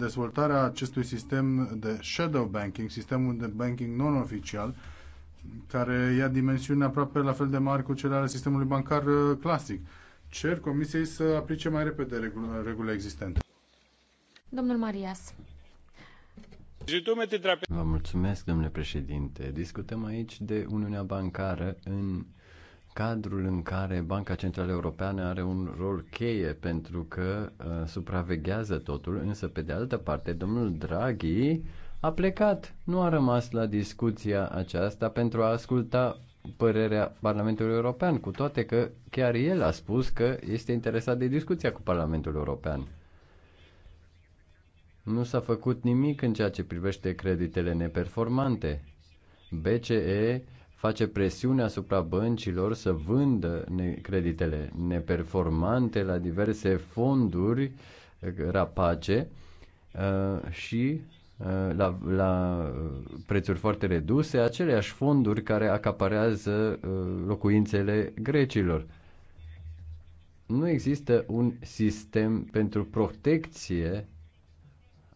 dezvoltarea acestui sistem de shadow banking, sistemul de banking non-oficial, care ia dimensiuni aproape la fel de mari cu cele ale sistemului bancar uh, clasic. Cer Comisiei să aplice mai repede uh, regulile existente. Domnul Marias. Vă mulțumesc, domnule președinte. Discutăm aici de Uniunea Bancară în cadrul în care Banca Centrală Europeană are un rol cheie pentru că uh, supraveghează totul, însă pe de altă parte domnul Draghi a plecat, nu a rămas la discuția aceasta pentru a asculta părerea Parlamentului European, cu toate că chiar el a spus că este interesat de discuția cu Parlamentul European. Nu s-a făcut nimic în ceea ce privește creditele neperformante. BCE face presiune asupra băncilor să vândă creditele neperformante la diverse fonduri eh, rapace eh, și eh, la, la prețuri foarte reduse aceleași fonduri care acaparează locuințele grecilor. Nu există un sistem pentru protecție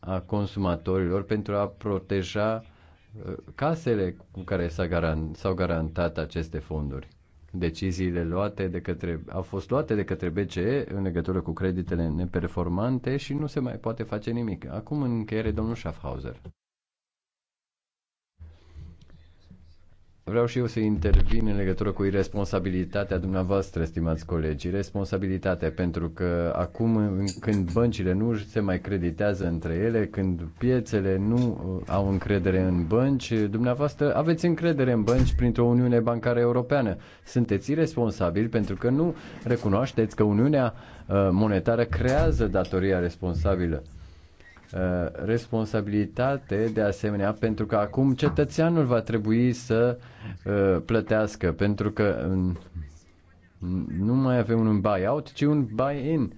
a consumatorilor pentru a proteja casele cu care s-au garan, garantat aceste fonduri. Deciziile luate de către, au fost luate de către BCE în legătură cu creditele neperformante și nu se mai poate face nimic. Acum în încheiere, domnul Schaffhauser. Vreau și eu să intervin în legătură cu irresponsabilitatea dumneavoastră, stimați colegi. Responsabilitatea pentru că acum când băncile nu se mai creditează între ele, când piețele nu uh, au încredere în bănci, dumneavoastră aveți încredere în bănci printr-o Uniune Bancară Europeană. Sunteți irresponsabili pentru că nu recunoașteți că Uniunea uh, Monetară creează datoria responsabilă Uh, responsabilitate de asemenea pentru că acum cetățeanul va trebui să uh, plătească pentru că um, nu mai avem un buy-out, ci un buy-in.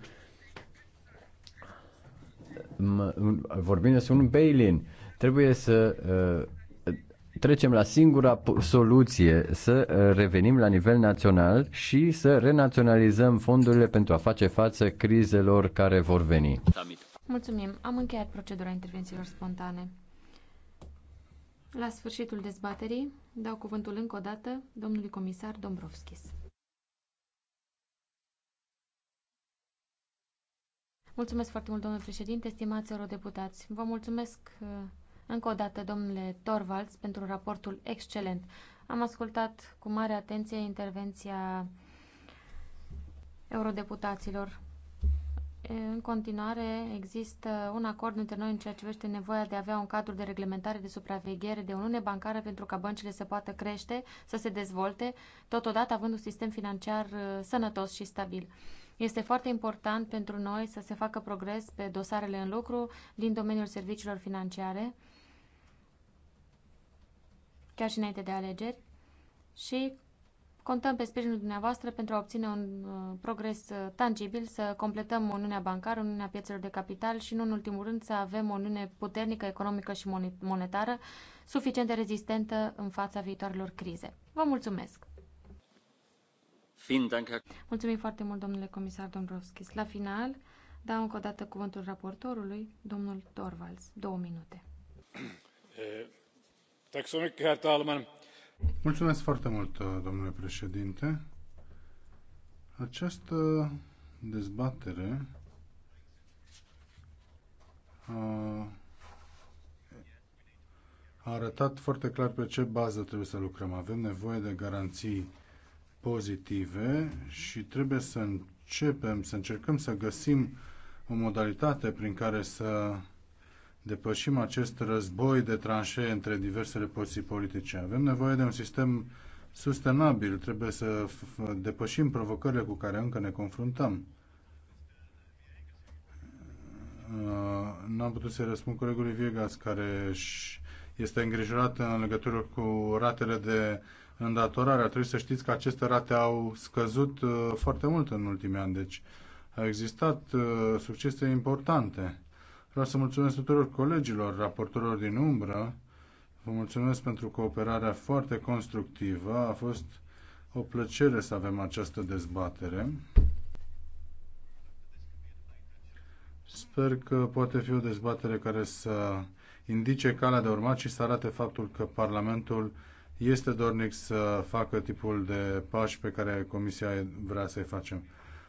Vorbim despre un bail-in. Trebuie să uh, trecem la singura soluție, să revenim la nivel național și să renaționalizăm fondurile pentru a face față crizelor care vor veni. Summit. Mulțumim. Am încheiat procedura intervențiilor spontane. La sfârșitul dezbaterii, dau cuvântul încă o dată domnului comisar Dombrovskis. Mulțumesc foarte mult, domnule președinte, stimați eurodeputați. Vă mulțumesc uh, încă o dată, domnule Torvalds, pentru raportul excelent. Am ascultat cu mare atenție intervenția eurodeputaților în continuare există un acord între noi în ceea ce privește nevoia de a avea un cadru de reglementare, de supraveghere, de uniune bancară pentru ca băncile să poată crește, să se dezvolte, totodată având un sistem financiar uh, sănătos și stabil. Este foarte important pentru noi să se facă progres pe dosarele în lucru din domeniul serviciilor financiare, chiar și înainte de alegeri, și Contăm pe sprijinul dumneavoastră pentru a obține un uh, progres uh, tangibil, să completăm Uniunea Bancară, Uniunea Piețelor de Capital și, nu în ultimul rând, să avem o Uniune puternică, economică și monetară, suficient de rezistentă în fața viitoarelor crize. Vă mulțumesc! Mulțumim foarte mult, domnule comisar Dombrovskis. La final, dau încă o dată cuvântul raportorului, domnul Torvalds. Două minute. Eh, mulțumesc Mulțumesc foarte mult, domnule președinte. Această dezbatere a a arătat foarte clar pe ce bază trebuie să lucrăm. Avem nevoie de garanții pozitive și trebuie să începem, să încercăm să găsim o modalitate prin care să depășim acest război de tranșee între diversele poziții politice. Avem nevoie de un sistem sustenabil, trebuie să depășim provocările cu care încă ne confruntăm. N-am putut să răspund colegului Viegas, care este îngrijorat în legătură cu ratele de îndatorare. Ar trebui să știți că aceste rate au scăzut uh, foarte mult în ultimii ani, deci au existat uh, succese importante Vreau să mulțumesc tuturor colegilor, raportorilor din umbră. Vă mulțumesc pentru cooperarea foarte constructivă. A fost o plăcere să avem această dezbatere. Sper că poate fi o dezbatere care să indice calea de urmat și să arate faptul că Parlamentul este dornic să facă tipul de pași pe care Comisia vrea să-i facem.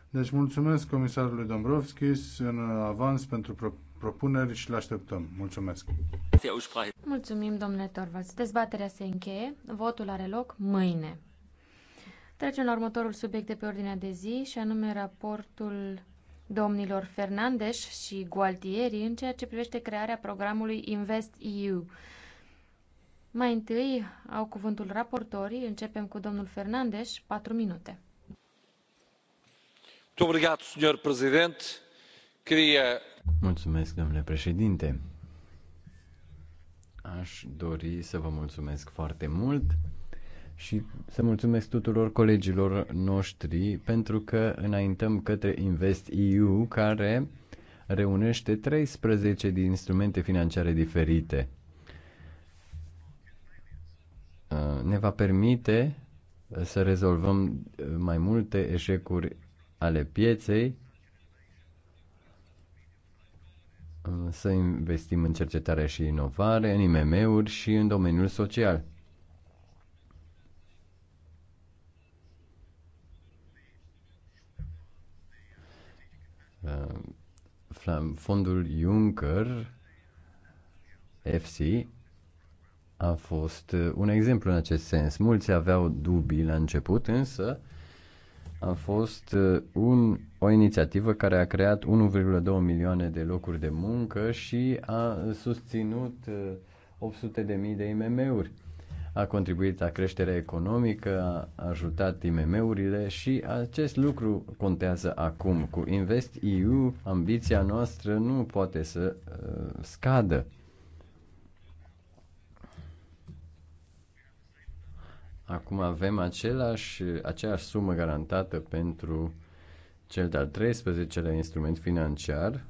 Deci mulțumesc comisarului Dombrovskis în avans pentru propuneri și le așteptăm. Mulțumesc! Mulțumim, domnule Torvalds. Dezbaterea se încheie. Votul are loc mâine. Trecem la următorul subiect de pe ordinea de zi și anume raportul domnilor Fernandes și Gualtieri în ceea ce privește crearea programului Invest EU. Mai întâi au cuvântul raportorii. Începem cu domnul Fernandes, 4 minute. Muito obrigado, Sr. Presidente. Queria Mulțumesc, domnule președinte. Aș dori să vă mulțumesc foarte mult și să mulțumesc tuturor colegilor noștri pentru că înaintăm către Invest EU care reunește 13 din instrumente financiare diferite. Uh, ne va permite să rezolvăm mai multe eșecuri ale pieței să investim în cercetare și inovare, în IMM-uri și în domeniul social. Uh, fondul Juncker FC a fost uh, un exemplu în acest sens. Mulți aveau dubii la început, însă uh, a fost uh, un, o inițiativă care a creat 1,2 milioane de locuri de muncă și a susținut 800 uh, de mii de IMM-uri. A contribuit la creșterea economică, a ajutat IMM-urile și acest lucru contează acum. Cu Invest EU, ambiția noastră nu poate să uh, scadă. Acum avem același, aceeași sumă garantată pentru cel de-al 13-lea instrument financiar.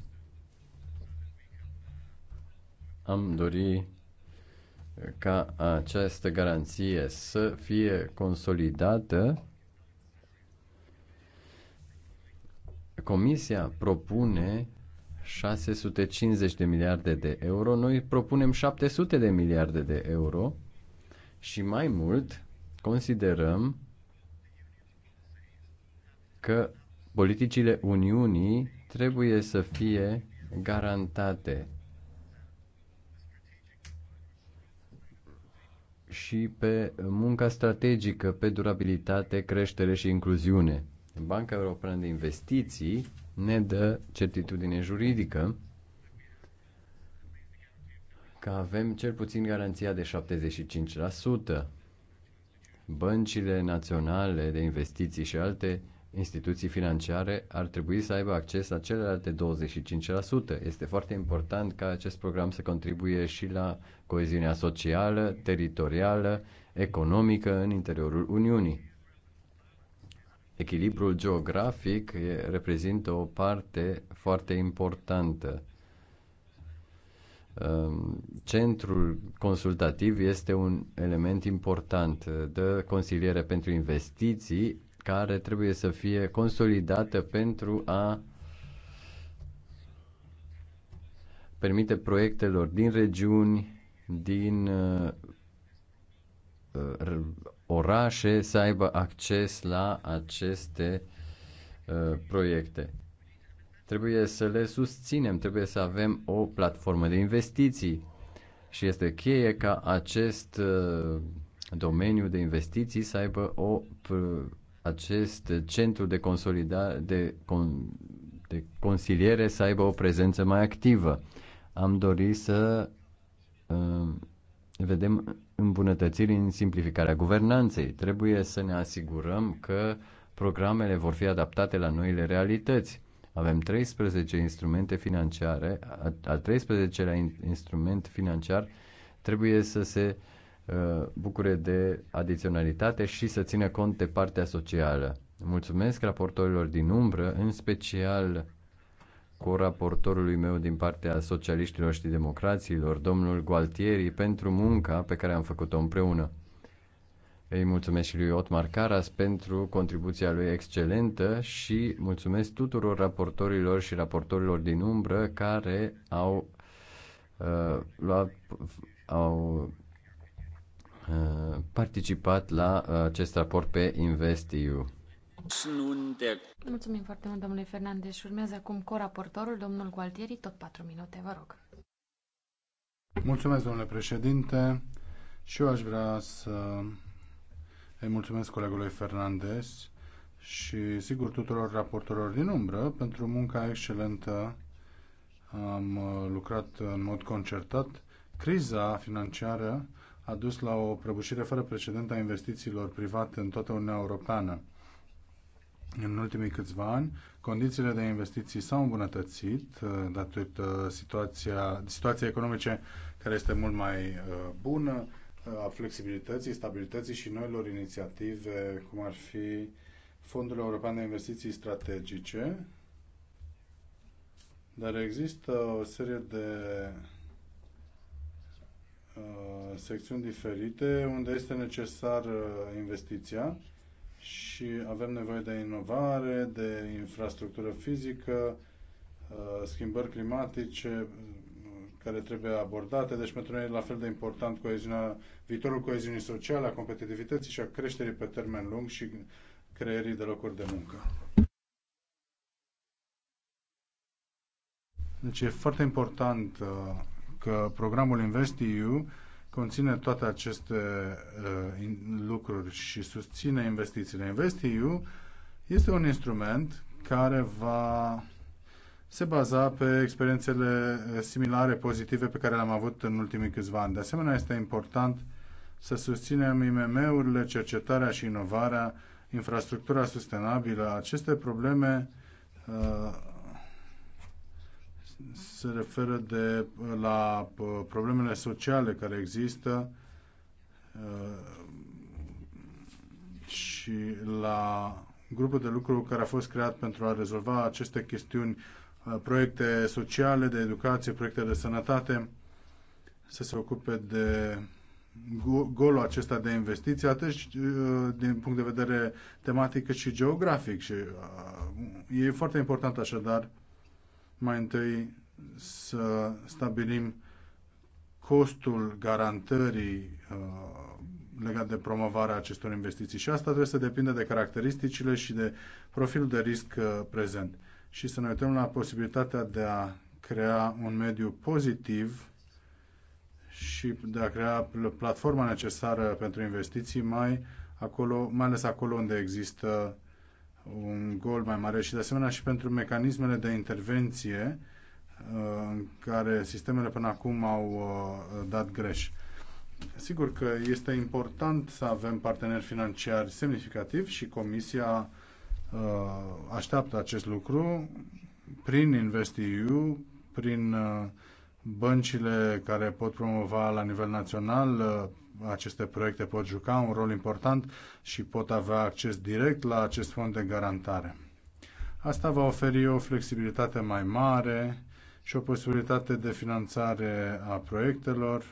Am dori ca această garanție să fie consolidată. Comisia propune 650 de miliarde de euro, noi propunem 700 de miliarde de euro și mai mult Considerăm că politicile Uniunii trebuie să fie garantate și pe munca strategică, pe durabilitate, creștere și incluziune. Banca Europeană de Investiții ne dă certitudine juridică că avem cel puțin garanția de 75% băncile naționale de investiții și alte instituții financiare ar trebui să aibă acces la celelalte 25%. Este foarte important ca acest program să contribuie și la coeziunea socială, teritorială, economică în interiorul Uniunii. Echilibrul geografic reprezintă o parte foarte importantă Ehm, centrul consultativ este un element important eh, de consiliere pentru investiții care trebuie să fie consolidată pentru a permite proiectelor din regiuni, din eh, orașe să aibă acces la aceste eh, proiecte. Trebuie să le susținem, trebuie să avem o platformă de investiții și este cheie ca acest uh, domeniu de investiții să aibă o, acest centru de consolidare, de, de consiliere să aibă o prezență mai activă. Am dorit să uh, vedem îmbunătățiri în simplificarea guvernanței. Trebuie să ne asigurăm că programele vor fi adaptate la noile realități. Avem 13 instrumente financiare, al 13-lea instrument financiar trebuie să se uh, bucure de adiționalitate și să țină cont de partea socială. Mulțumesc raportorilor din umbră, în special cu raportorului meu din partea socialiștilor și democraților, domnul Gualtieri, pentru munca pe care am făcut-o împreună. Îi mulțumesc și lui Otmar Caras pentru contribuția lui excelentă și mulțumesc tuturor raportorilor și raportorilor din umbră care au uh, luat, au uh, participat la uh, acest raport pe InvestEU. Mulțumim foarte mult, domnule Fernandez. Și urmează acum coraportorul, domnul Gualtieri, tot patru minute, vă rog. Mulțumesc, domnule președinte. Și eu aș vrea să îi mulțumesc colegului Fernandez și sigur tuturor raportorilor din umbră pentru munca excelentă. Am uh, lucrat în mod concertat. Criza financiară a dus la o prăbușire fără precedent a investițiilor private în toată Uniunea Europeană. În ultimii câțiva ani, condițiile de investiții s-au îmbunătățit uh, datorită situația, situației economice care este mult mai uh, bună, a flexibilității, stabilității și noilor inițiative, cum ar fi Fondul European de Investiții Strategice, dar există o serie de uh, secțiuni diferite unde este necesar investiția și avem nevoie de inovare, de infrastructură fizică, uh, schimbări climatice, care trebuie abordate. Deci pentru noi e la fel de important coeziunea, viitorul coeziunii sociale, a competitivității și a creșterii pe termen lung și creierii de locuri de muncă. Deci e foarte important uh, că programul InvestEU conține toate aceste uh, lucruri și susține investițiile. InvestEU este un instrument care va se baza pe experiențele eh, similare pozitive pe care le-am avut în ultimii câțiva ani. De asemenea, este important să susținem IMM-urile, cercetarea și inovarea, infrastructura sustenabilă. Aceste probleme uh, se referă de, la eh, problemele sociale care există uh, și la grupul de lucru care a fost creat pentru a rezolva aceste chestiuni Uh, proiecte sociale, de educație, proiecte de sănătate, să se ocupe de golul acesta de investiții, atât uh, din punct de vedere tematic cât și geografic. Și uh, e foarte important așadar mai întâi să stabilim costul garantării legat de promovarea acestor investiții și asta trebuie să depindă de caracteristicile și de profilul de risc prezent și să ne uităm la posibilitatea de a crea un mediu pozitiv și de a crea platforma necesară pentru investiții mai acolo, mai ales acolo unde există un gol mai mare și de asemenea și pentru mecanismele de intervenție uh, în care sistemele până acum au uh, dat greș. Sigur că este important să avem parteneri financiari semnificativi și Comisia Uh, așteaptă acest lucru prin InvestEU, prin uh, băncile care pot promova la nivel național uh, aceste proiecte pot juca un rol important și pot avea acces direct la acest fond de garantare. Asta va oferi o flexibilitate mai mare și o posibilitate de finanțare a proiectelor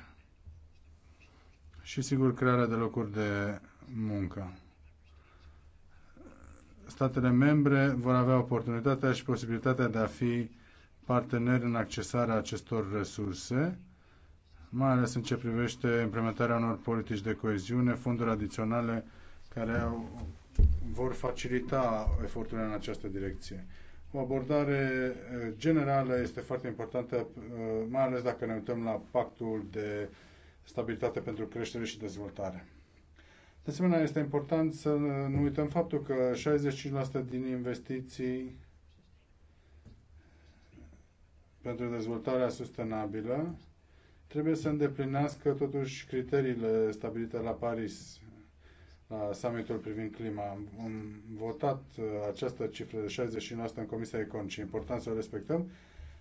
și, sigur, crearea de locuri de muncă statele membre vor avea oportunitatea și posibilitatea de a fi parteneri în accesarea acestor resurse, mai ales în ce privește implementarea unor politici de coeziune, fonduri adiționale care au, vor facilita eforturile în această direcție. O abordare eh, generală este foarte importantă, eh, mai ales dacă ne uităm la pactul de stabilitate pentru creștere și dezvoltare. De asemenea, este important să nu uităm faptul că 65% din investiții pentru dezvoltarea sustenabilă trebuie să îndeplinească totuși criteriile stabilite la Paris, la summitul privind clima. Am votat uh, această cifră de 60% în Comisia Econ și e important să o respectăm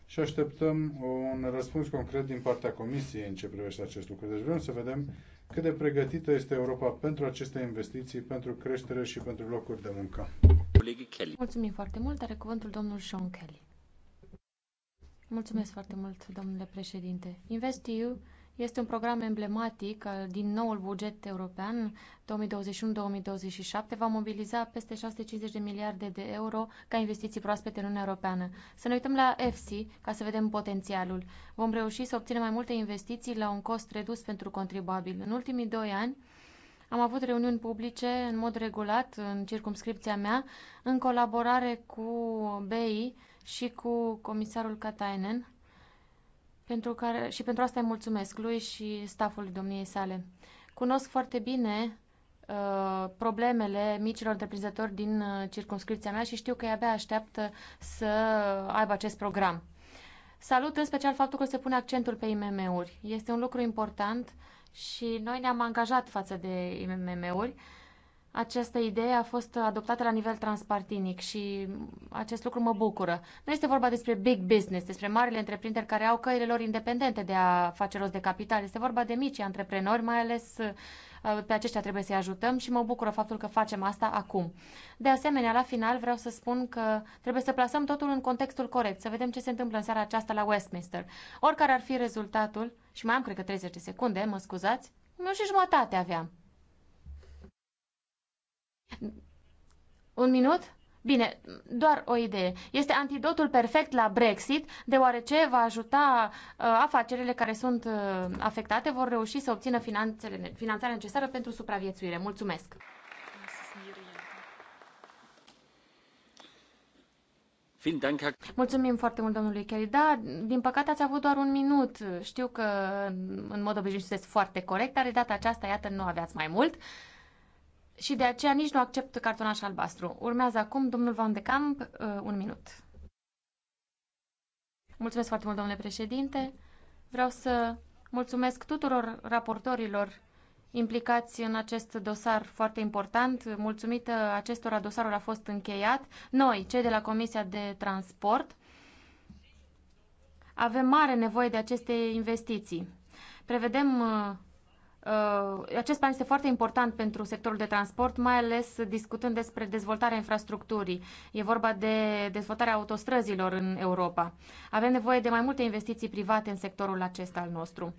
și așteptăm un răspuns concret din partea Comisiei în ce privește acest lucru. Deci vrem să vedem cât de pregătită este Europa pentru aceste investiții, pentru creștere și pentru locuri de muncă. Mulțumim foarte mult. Are cuvântul domnul Sean Kelly. Mulțumesc foarte mult, domnule președinte. InvestEU este un program emblematic uh, din noul buget european 2021-2027. Va mobiliza peste 650 de miliarde de euro ca investiții proaspete în Uniunea Europeană. Să ne uităm la EFSI ca să vedem potențialul. Vom reuși să obținem mai multe investiții la un cost redus pentru contribuabil. În ultimii doi ani, am avut reuniuni publice în mod regulat în circumscripția mea, în colaborare cu BEI și cu comisarul Katainen pentru care, și pentru asta îi mulțumesc lui și stafului domniei sale. Cunosc foarte bine uh, problemele micilor întreprinzători din uh, circunscripția mea și știu că abia așteaptă să aibă acest program. Salut în special faptul că se pune accentul pe IMM-uri. Este un lucru important și noi ne-am angajat față de IMM-uri. Uh, această idee a fost adoptată la nivel transpartinic și acest lucru mă bucură. Nu este vorba despre big business, despre marile întreprinderi care au căile lor independente de a face rost de capital. Este vorba de mici antreprenori, mai ales uh, pe aceștia trebuie să-i ajutăm și mă bucură faptul că facem asta acum. De asemenea, la final vreau să spun că trebuie să plasăm totul în contextul corect, să vedem ce se întâmplă în seara aceasta la Westminster. Oricare ar fi rezultatul, și mai am cred că 30 de secunde, mă scuzați, nu și jumătate aveam. Un minut? Bine, doar o idee. Este antidotul perfect la Brexit, deoarece va ajuta uh, afacerile care sunt uh, afectate, vor reuși să obțină finanțele, finanțarea necesară pentru supraviețuire. Mulțumesc! Mulțumim foarte mult, domnului Kelly. Da, din păcate ați avut doar un minut. Știu că, în mod obișnuit, sunteți foarte corect, dar de data aceasta, iată, nu aveați mai mult și de aceea nici nu accept cartonaș albastru. Urmează acum domnul Van de Camp, uh, un minut. Mulțumesc foarte mult, domnule președinte. Vreau să mulțumesc tuturor raportorilor implicați în acest dosar foarte important. Mulțumită acestora, dosarul a fost încheiat. Noi, cei de la Comisia de Transport, avem mare nevoie de aceste investiții. Prevedem uh, Uh, acest plan este foarte important pentru sectorul de transport, mai ales discutând despre dezvoltarea infrastructurii. E vorba de dezvoltarea autostrăzilor în Europa. Avem nevoie de mai multe investiții private în sectorul acesta al nostru.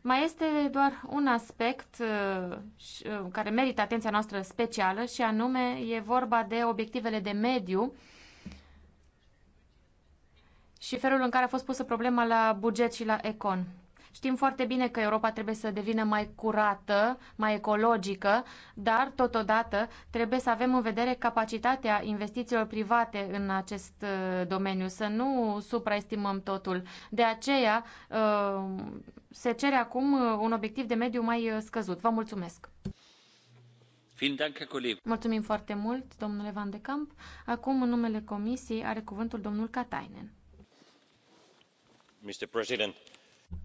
Mai este doar un aspect uh, uh, care merită atenția noastră specială și anume e vorba de obiectivele de mediu și felul în care a fost pusă problema la buget și la econ. Știm foarte bine că Europa trebuie să devină mai curată, mai ecologică, dar totodată trebuie să avem în vedere capacitatea investițiilor private în acest uh, domeniu, să nu supraestimăm totul. De aceea uh, se cere acum uh, un obiectiv de mediu mai scăzut. Vă mulțumesc! Mulțumim foarte mult, domnule Van de Camp. Acum, în numele Comisiei, are cuvântul domnul Katainen. Mr. President,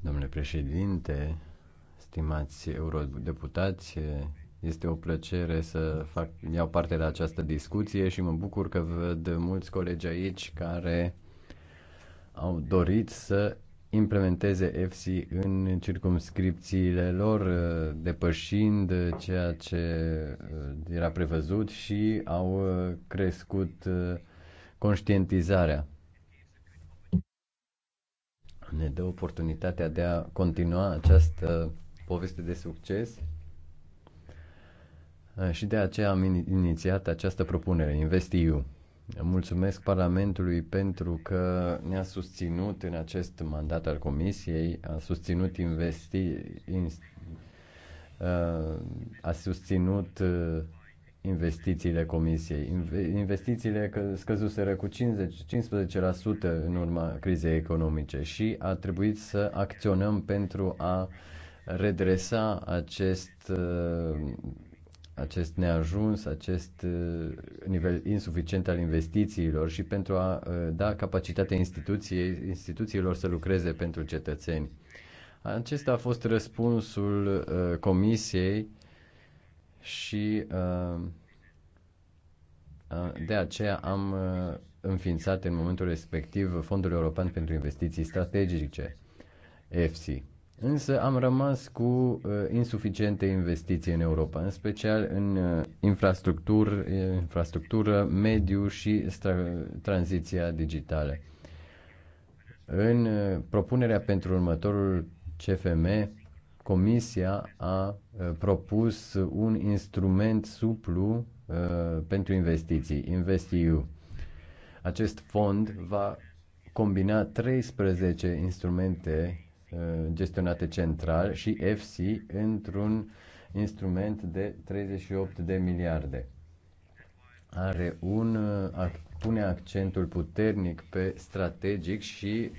Domnule președinte, stimați eurodeputați, este o plăcere să fac, iau parte la această discuție și mă bucur că văd mulți colegi aici care au dorit să implementeze EFSI în circumscripțiile lor, depășind ceea ce era prevăzut și au crescut conștientizarea ne dă oportunitatea de a continua această poveste de succes și de aceea am inițiat această propunere, InvestEU. Mulțumesc Parlamentului pentru că ne-a susținut în acest mandat al Comisiei, a susținut investi, a susținut investițiile comisiei. Investițiile scăzuseră cu 50, 15% în urma crizei economice și a trebuit să acționăm pentru a redresa acest, uh, acest neajuns, acest uh, nivel insuficient al investițiilor și pentru a uh, da capacitatea instituției, instituțiilor să lucreze pentru cetățeni. Acesta a fost răspunsul Comisiei și uh, uh, de aceea am uh, înființat în momentul respectiv Fondul European pentru Investiții Strategice, EFSI. Însă am rămas cu insuficiente investiții în Europa, în special în infrastructură, infrastructură mediu și stra- tranziția digitală. În propunerea pentru următorul CFM Comisia a propus un instrument suplu pentru investiții, InvestEU. Acest fond va combina 13 instrumente gestionate central și EFSI într-un instrument de 38 de miliarde. Are un, pune accentul puternic pe strategic și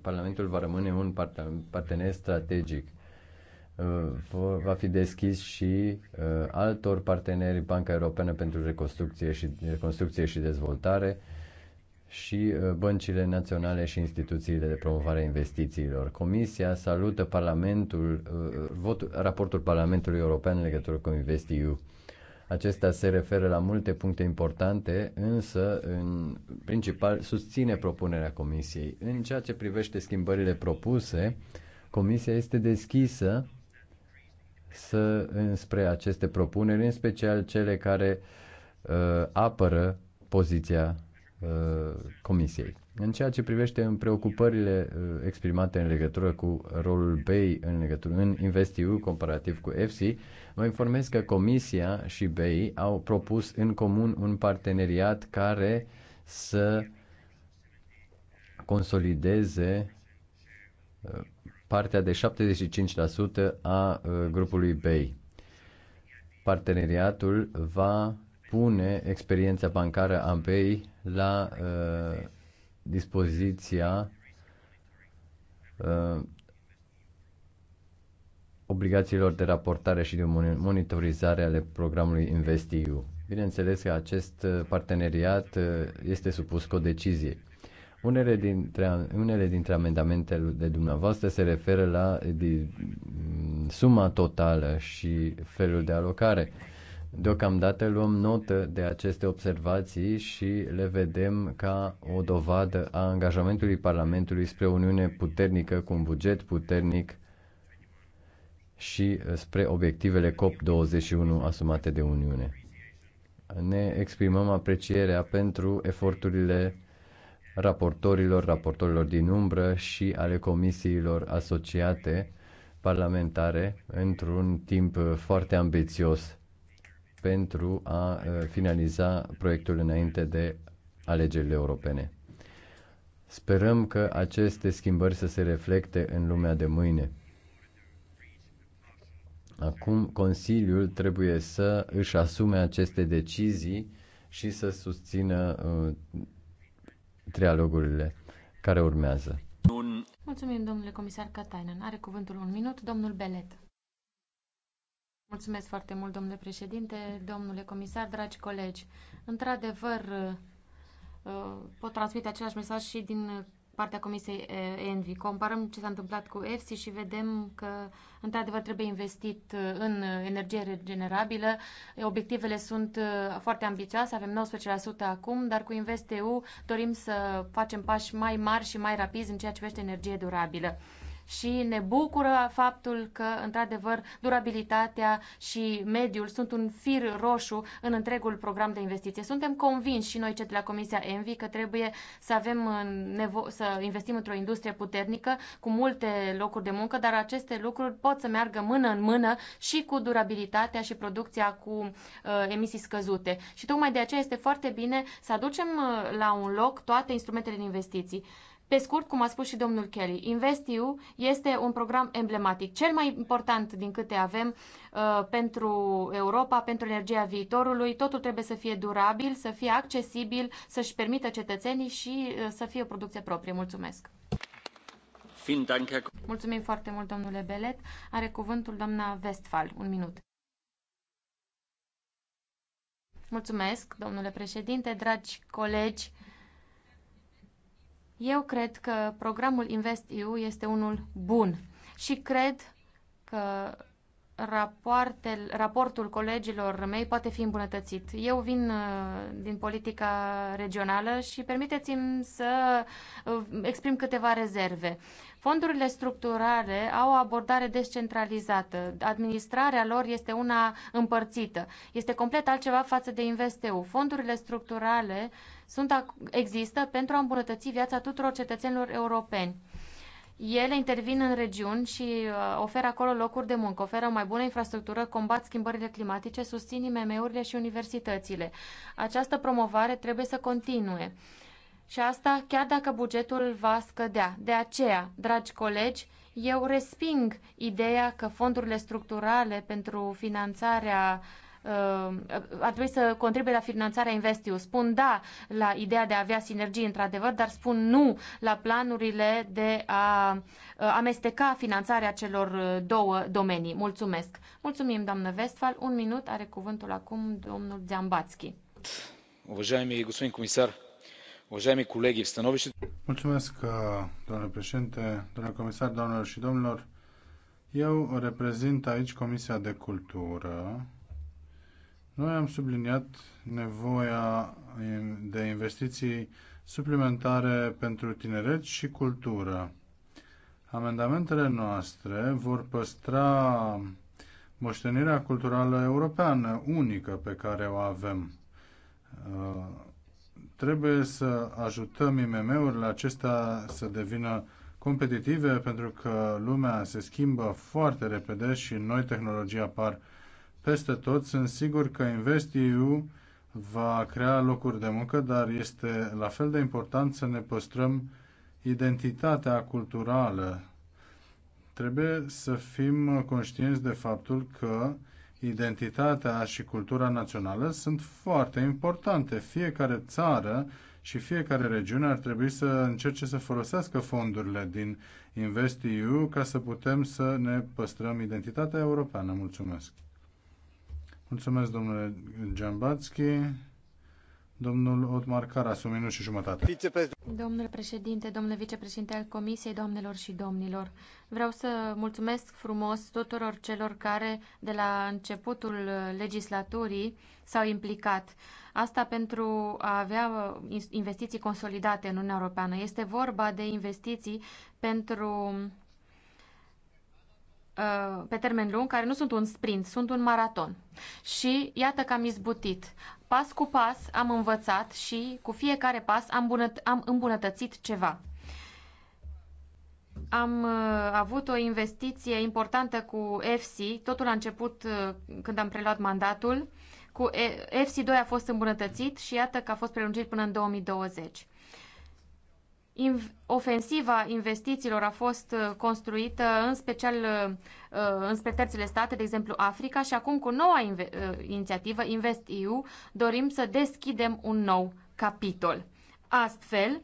Parlamentul va rămâne un partener strategic Uh, va fi deschis și uh, altor parteneri, Banca Europeană pentru Reconstrucție și, Reconstrucție și Dezvoltare și uh, băncile naționale și instituțiile de promovare a investițiilor. Comisia salută Parlamentul, vot raportul Parlamentului European în legătură cu InvestEU. Acesta se referă la multe puncte importante, însă în principal susține propunerea Comisiei. În ceea ce privește schimbările propuse, Comisia este deschisă să înspre aceste propuneri, în special cele care uh, apără poziția uh, Comisiei. În ceea ce privește în preocupările uh, exprimate în legătură cu rolul BEI în legătură în InvestEU comparativ cu EFSI, vă informez că Comisia și BEI au propus în comun un parteneriat care să consolideze uh, partea de 75% a uh, grupului BEI. Parteneriatul va pune experiența bancară a BEI la uh, dispoziția uh, obligațiilor de raportare și de monitorizare ale programului InvestEU. Bineînțeles că acest uh, parteneriat uh, este supus cu o decizie. Unele dintre, unele dintre amendamentele de dumneavoastră se referă la de, mm, suma totală și felul de alocare. Deocamdată luăm notă de aceste observații și le vedem ca o dovadă a angajamentului Parlamentului spre o Uniune puternică, cu un buget puternic și uh, spre obiectivele COP21 asumate de Uniune. Ne exprimăm aprecierea pentru eforturile raportorilor, raportorilor din umbră și ale comisiilor asociate parlamentare într-un timp foarte ambițios pentru a uh, finaliza proiectul înainte de alegerile europene. Sperăm că aceste schimbări să se reflecte în lumea de mâine. Acum Consiliul trebuie să își asume aceste decizii și să susțină uh, trialogurile care urmează. Mulțumim, domnule comisar Katainen. Are cuvântul un minut, domnul Belet. Mulțumesc foarte mult, domnule președinte, domnule comisar, dragi colegi. Într-adevăr, uh, pot transmite același mesaj și din partea Comisiei Envi. Comparăm ce s-a întâmplat cu EFSI și vedem că, într-adevăr, trebuie investit în energie regenerabilă. Obiectivele sunt foarte ambițioase, avem 19% acum, dar cu InvestEU dorim să facem pași mai mari și mai rapizi în ceea ce privește energie durabilă și ne bucură faptul că, într-adevăr, durabilitatea și mediul sunt un fir roșu în întregul program de investiție. Suntem convinși și noi, cei de la Comisia Envi, că trebuie să avem uh, nevo- să investim într-o industrie puternică cu multe locuri de muncă, dar aceste lucruri pot să meargă mână în mână și cu durabilitatea și producția cu uh, emisii scăzute. Și tocmai de aceea este foarte bine să aducem uh, la un loc toate instrumentele de investiții. Pe scurt, cum a spus și domnul Kelly, InvestEU este un program emblematic, cel mai important din câte avem uh, pentru Europa, pentru energia viitorului. Totul trebuie să fie durabil, să fie accesibil, să-și permită cetățenii și uh, să fie o producție proprie. Mulțumesc! Mulțumim foarte mult, domnule Belet. Are cuvântul doamna Westphal. Un minut. Mulțumesc, domnule președinte, dragi colegi. Eu cred că programul InvestEU este unul bun și cred că raportul colegilor mei poate fi îmbunătățit. Eu vin uh, din politica regională și permiteți-mi să uh, exprim câteva rezerve. Fondurile structurale au o abordare descentralizată. Administrarea lor este una împărțită. Este complet altceva față de InvestEU. Fondurile structurale uh, sunt, există pentru a îmbunătăți viața tuturor cetățenilor europeni. Ele intervin în regiuni și uh, oferă acolo locuri de muncă, oferă mai bună infrastructură, combat schimbările climatice, susțin IMM-urile și universitățile. Această promovare trebuie să continue. Și asta chiar dacă bugetul va scădea. De aceea, dragi colegi, eu resping ideea că fondurile structurale pentru finanțarea uh, Uh, ar trebui să contribuie la finanțarea Investiu. Spun da la ideea de a avea sinergii, într-adevăr, dar spun nu la planurile de a uh, amesteca finanțarea celor uh, două domenii. Mulțumesc! Mulțumim, doamnă Vestfal. Un minut are cuvântul acum domnul Zambatski. Уважаеми господин комисар, уважаеми колеги, в Mulțumesc, domnule președinte, domnule comisar, doamnelor și domnilor. Eu reprezint aici Comisia de Cultură, noi am subliniat nevoia de investiții suplimentare pentru tineret și cultură. Amendamentele noastre vor păstra moștenirea culturală europeană unică pe care o avem. Uh, trebuie să ajutăm IMM-urile acestea să devină competitive pentru că lumea se schimbă foarte repede și noi tehnologii apar peste tot. Sunt sigur că InvestEU va crea locuri de muncă, dar este la fel de important să ne păstrăm identitatea culturală. Trebuie să fim conștienți de faptul că identitatea și cultura națională sunt foarte importante. Fiecare țară și fiecare regiune ar trebui să încerce să folosească fondurile din InvestEU ca să putem să ne păstrăm identitatea europeană. Mulțumesc! Mulțumesc, domnule Giambatski. Domnul Otmar Caras, un minut și jumătate. Domnule președinte, domnule vicepreședinte al Comisiei, domnilor și domnilor, vreau să mulțumesc frumos tuturor celor care de la începutul legislaturii s-au implicat. Asta pentru a avea uh, investiții consolidate în Uniunea Europeană. Este vorba de investiții pentru Uh, pe termen lung, care nu sunt un sprint, sunt un maraton. Și iată că am izbutit. Pas cu pas am învățat și cu fiecare pas am, bunăt- am îmbunătățit ceva. Am uh, avut o investiție importantă cu FC. Totul a început uh, când am preluat mandatul. Cu FC2 a fost îmbunătățit și iată că a fost prelungit până în 2020 ofensiva investițiilor a fost uh, construită în special uh, uh, înspre terțele state, de exemplu Africa, și acum cu noua inve inițiativă InvestEU dorim să deschidem un nou capitol. Astfel,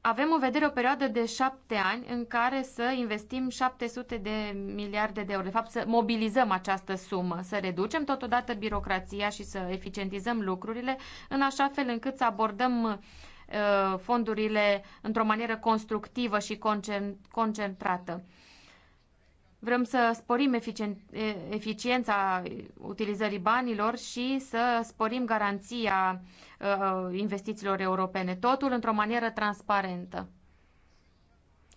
avem în vedere o perioadă de șapte ani în care să investim 700 de miliarde de euro. De fapt, să mobilizăm această sumă, să reducem totodată birocrația și să eficientizăm lucrurile în așa fel încât să abordăm Uh, fondurile într-o manieră constructivă și concentrată. Vrem să sporim eficien- eficiența utilizării banilor și să sporim garanția uh, investițiilor europene, totul într-o manieră transparentă.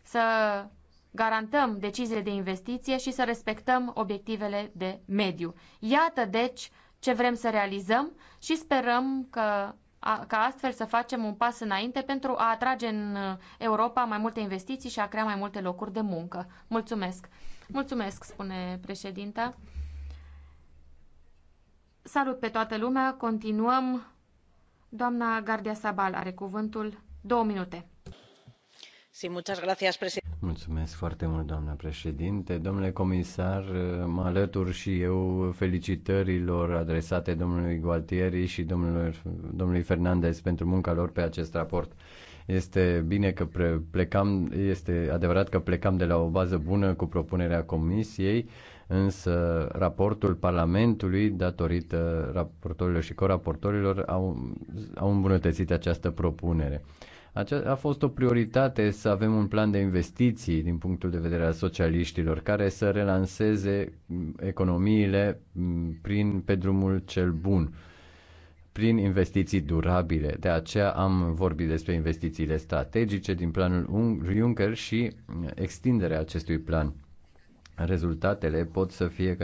Să garantăm deciziile de investiție și să respectăm obiectivele de mediu. Iată, deci, ce vrem să realizăm și sperăm că ca astfel să facem un pas înainte pentru a atrage în Europa mai multe investiții și a crea mai multe locuri de muncă. Mulțumesc! Mulțumesc, spune președinta. Salut pe toată lumea, continuăm. Doamna Gardia Sabal are cuvântul. Două minute. Mulțumesc foarte mult, doamna președinte. Domnule comisar, mă alătur și eu felicitărilor adresate domnului Gualtieri și domnului, domnului Fernandez pentru munca lor pe acest raport. Este bine că plecam, este adevărat că plecam de la o bază bună cu propunerea comisiei, însă raportul Parlamentului, datorită raportorilor și coraportorilor, au, au îmbunătățit această propunere a fost o prioritate să avem un plan de investiții din punctul de vedere al socialiștilor care să relanseze mm, economiile mm, prin, pe drumul cel bun, prin investiții durabile. De aceea am vorbit despre investițiile strategice din planul Juncker și mm, extinderea acestui plan rezultatele pot să fie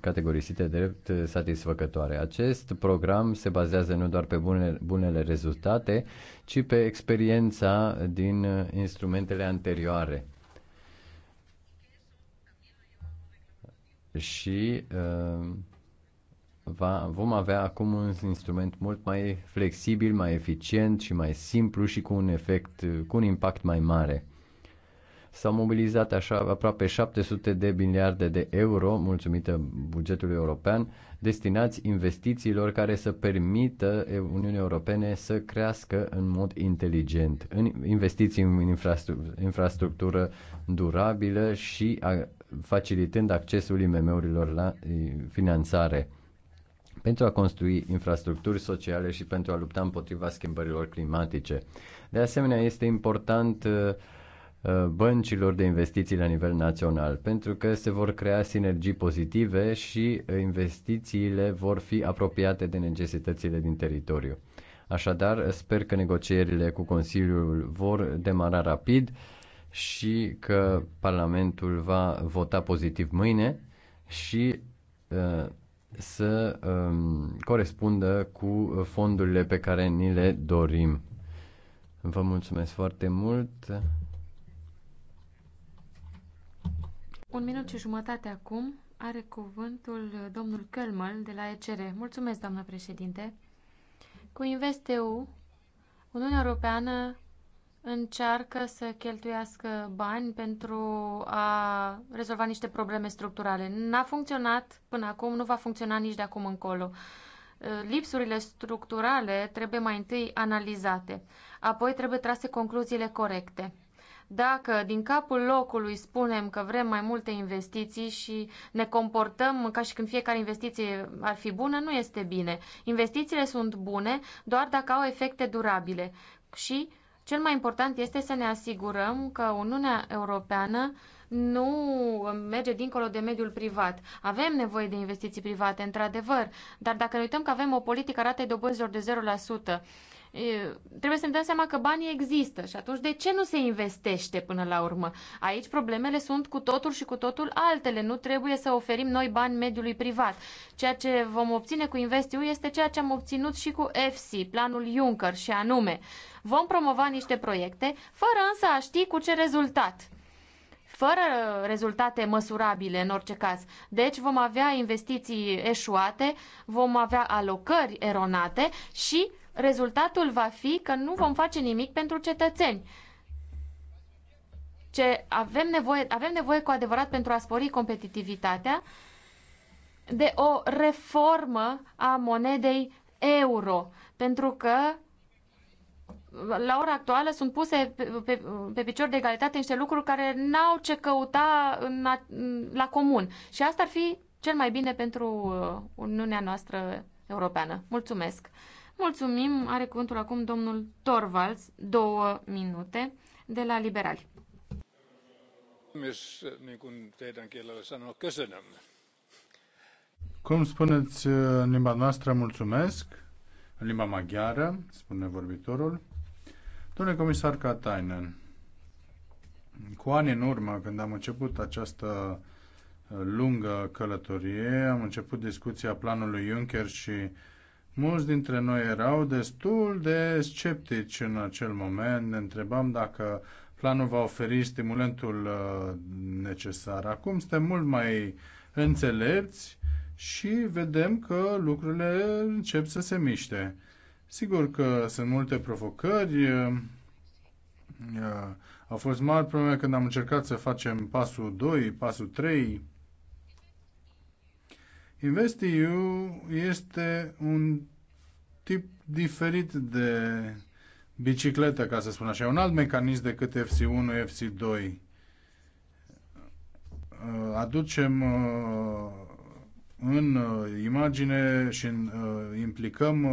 categorisite drept satisfăcătoare. Acest program se bazează nu doar pe bune, bunele rezultate, ci pe experiența din instrumentele anterioare. Și uh, va, vom avea acum un instrument mult mai flexibil, mai eficient și mai simplu și cu un efect, cu un impact mai mare. S-au mobilizat așa aproape 700 de miliarde de euro, mulțumită bugetului european, destinați investițiilor care să permită Uniunii Europene să crească în mod inteligent, în investiții în infrastructură durabilă și a, facilitând accesul IMM-urilor la finanțare pentru a construi infrastructuri sociale și pentru a lupta împotriva schimbărilor climatice. De asemenea, este important uh, Uh, băncilor de investiții la nivel național, pentru că se vor crea sinergii pozitive și uh, investițiile vor fi apropiate de necesitățile din teritoriu. Așadar, sper că negocierile cu Consiliul vor demara rapid și că Parlamentul va vota pozitiv mâine și uh, să um, corespundă cu fondurile pe care ni le dorim. Vă mulțumesc foarte mult. Un minut și jumătate acum are cuvântul domnul Kölmel de la ECR. Mulțumesc, doamnă președinte. Cu InvestEU, Uniunea Europeană încearcă să cheltuiască bani pentru a rezolva niște probleme structurale. N-a funcționat până acum, nu va funcționa nici de acum încolo. Lipsurile structurale trebuie mai întâi analizate, apoi trebuie trase concluziile corecte. Dacă din capul locului spunem că vrem mai multe investiții și ne comportăm ca și când fiecare investiție ar fi bună, nu este bine. Investițiile sunt bune doar dacă au efecte durabile. Și cel mai important este să ne asigurăm că Uniunea Europeană nu merge dincolo de mediul privat. Avem nevoie de investiții private, într-adevăr, dar dacă ne uităm că avem o politică a ratei dobânzilor de 0%, trebuie să mi dăm seama că banii există și atunci de ce nu se investește până la urmă? Aici problemele sunt cu totul și cu totul altele. Nu trebuie să oferim noi bani mediului privat. Ceea ce vom obține cu InvestEU este ceea ce am obținut și cu FC, planul Juncker și anume. Vom promova niște proiecte fără însă a ști cu ce rezultat fără rezultate măsurabile în orice caz. Deci vom avea investiții eșuate, vom avea alocări eronate și rezultatul va fi că nu vom face nimic pentru cetățeni. Ce avem nevoie, avem nevoie cu adevărat pentru a spori competitivitatea de o reformă a monedei euro, pentru că la ora actuală sunt puse pe, pe, pe picior de egalitate niște lucruri care n-au ce căuta în a, la comun. Și asta ar fi cel mai bine pentru uh, Uniunea noastră europeană. Mulțumesc! Mulțumim, are cuvântul acum domnul Torvalds, două minute, de la Liberali. Cum spuneți în limba noastră, mulțumesc, în limba maghiară, spune vorbitorul. Domnule comisar Katainen, cu ani în urmă, când am început această uh, lungă călătorie, am început discuția planului Juncker și Mulți dintre noi erau destul de sceptici în acel moment, ne întrebam dacă planul va oferi stimulentul uh, necesar. Acum suntem mult mai înțelepți și vedem că lucrurile încep să se miște. Sigur că sunt multe provocări. Uh, uh, au fost mari probleme când am încercat să facem pasul 2, pasul 3, InvestEU este un tip diferit de bicicletă, ca să spun așa, un alt mecanism decât FC1, FC2. Uh, aducem uh, în uh, imagine și implicăm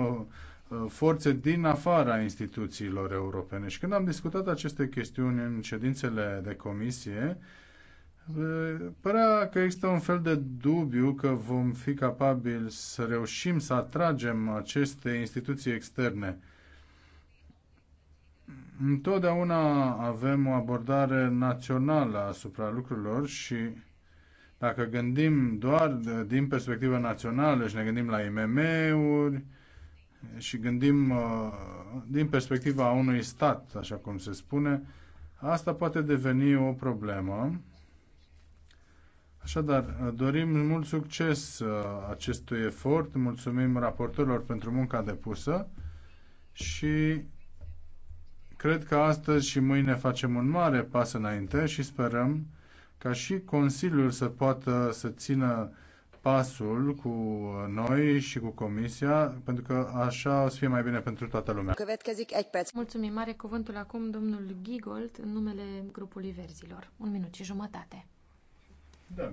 forțe din afara instituțiilor europene. Și când am discutat aceste chestiuni în ședințele de comisie, Părea că există un fel de dubiu că vom fi capabili să reușim să atragem aceste instituții externe. Întotdeauna avem o abordare națională asupra lucrurilor și dacă gândim doar din perspectivă națională și ne gândim la IMM-uri și gândim uh, din perspectiva unui stat, așa cum se spune, asta poate deveni o problemă Așadar, dorim mult succes uh, acestui efort, mulțumim raportorilor pentru munca depusă și cred că astăzi și mâine facem un mare pas înainte și sperăm ca și Consiliul să poată să țină pasul cu noi și cu Comisia, pentru că așa o să fie mai bine pentru toată lumea. Mulțumim mare cuvântul acum domnul Gigold în numele grupului Verzilor. Un minut și jumătate. Da,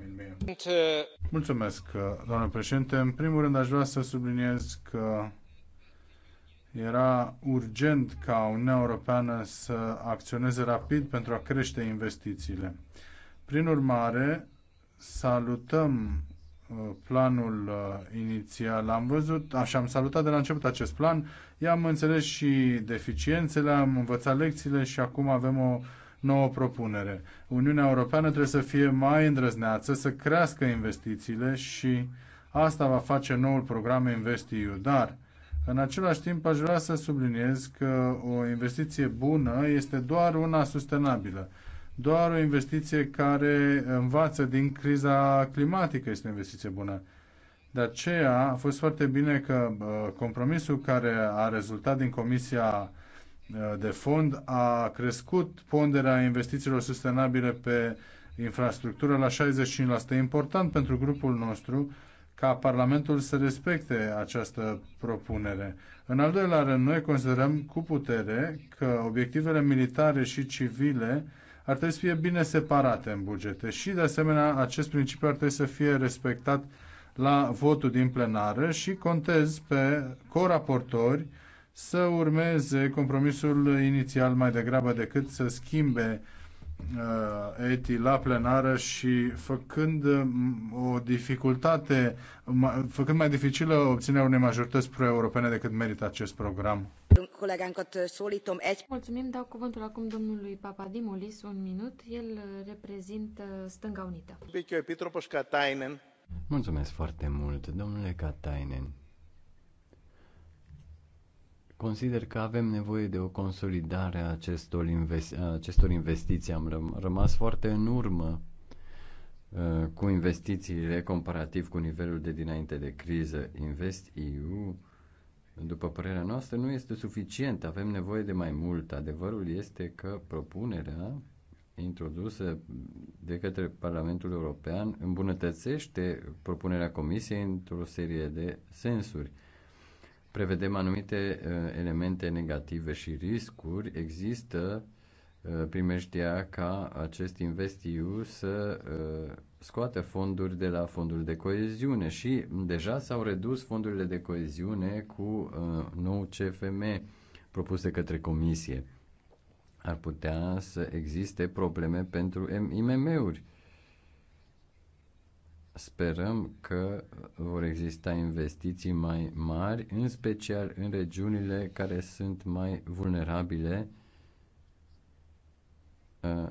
Mulțumesc, doamnă președinte. În primul rând, aș vrea să subliniez că era urgent ca Uniunea Europeană să acționeze rapid pentru a crește investițiile. Prin urmare, salutăm uh, planul uh, inițial. Am văzut, așa am salutat de la început acest plan, i-am înțeles și deficiențele, am învățat lecțiile și acum avem o nouă propunere. Uniunea Europeană trebuie să fie mai îndrăzneață, să crească investițiile și asta va face noul program InvestEU. Dar, în același timp, aș vrea să subliniez că o investiție bună este doar una sustenabilă. Doar o investiție care învață din criza climatică este o investiție bună. De aceea a fost foarte bine că compromisul care a rezultat din Comisia Uh, de fond a crescut ponderea investițiilor sustenabile pe infrastructură la 65%. E important pentru grupul nostru ca Parlamentul să respecte această propunere. În al doilea rând, noi considerăm cu putere că obiectivele militare și civile ar trebui să fie bine separate în bugete și, de asemenea, acest principiu ar trebui să fie respectat la votul din plenară și contez pe coraportori să urmeze compromisul inițial mai degrabă decât să schimbe uh, ETI la plenară și făcând mm, o dificultate, făcând mai dificilă obținerea unei majorități pro-europene decât merită acest program. Mulțumim, dau cuvântul acum domnului Papadimulis, un minut. El uh, reprezintă Stânga Unită. Mulțumesc foarte mult, domnule Katainen. Consider că avem nevoie de o consolidare a acestor, investi- a acestor investiții. Am rămas foarte în urmă uh, cu investițiile comparativ cu nivelul de dinainte de criză. Invest EU, după părerea noastră, nu este suficient. Avem nevoie de mai mult. Adevărul este că propunerea introdusă de către Parlamentul European îmbunătățește propunerea Comisiei într-o serie de sensuri – prevedem anumite uh, elemente negative și riscuri, există uh, primejdea ca acest investiu să uh, scoate fonduri de la fondul de coeziune și deja s-au redus fondurile de coeziune cu nou CFM propuse către comisie. Ar putea să existe probleme pentru IMM-uri Sperăm că vor exista investiții mai mari, în special în regiunile care sunt mai vulnerabile, uh,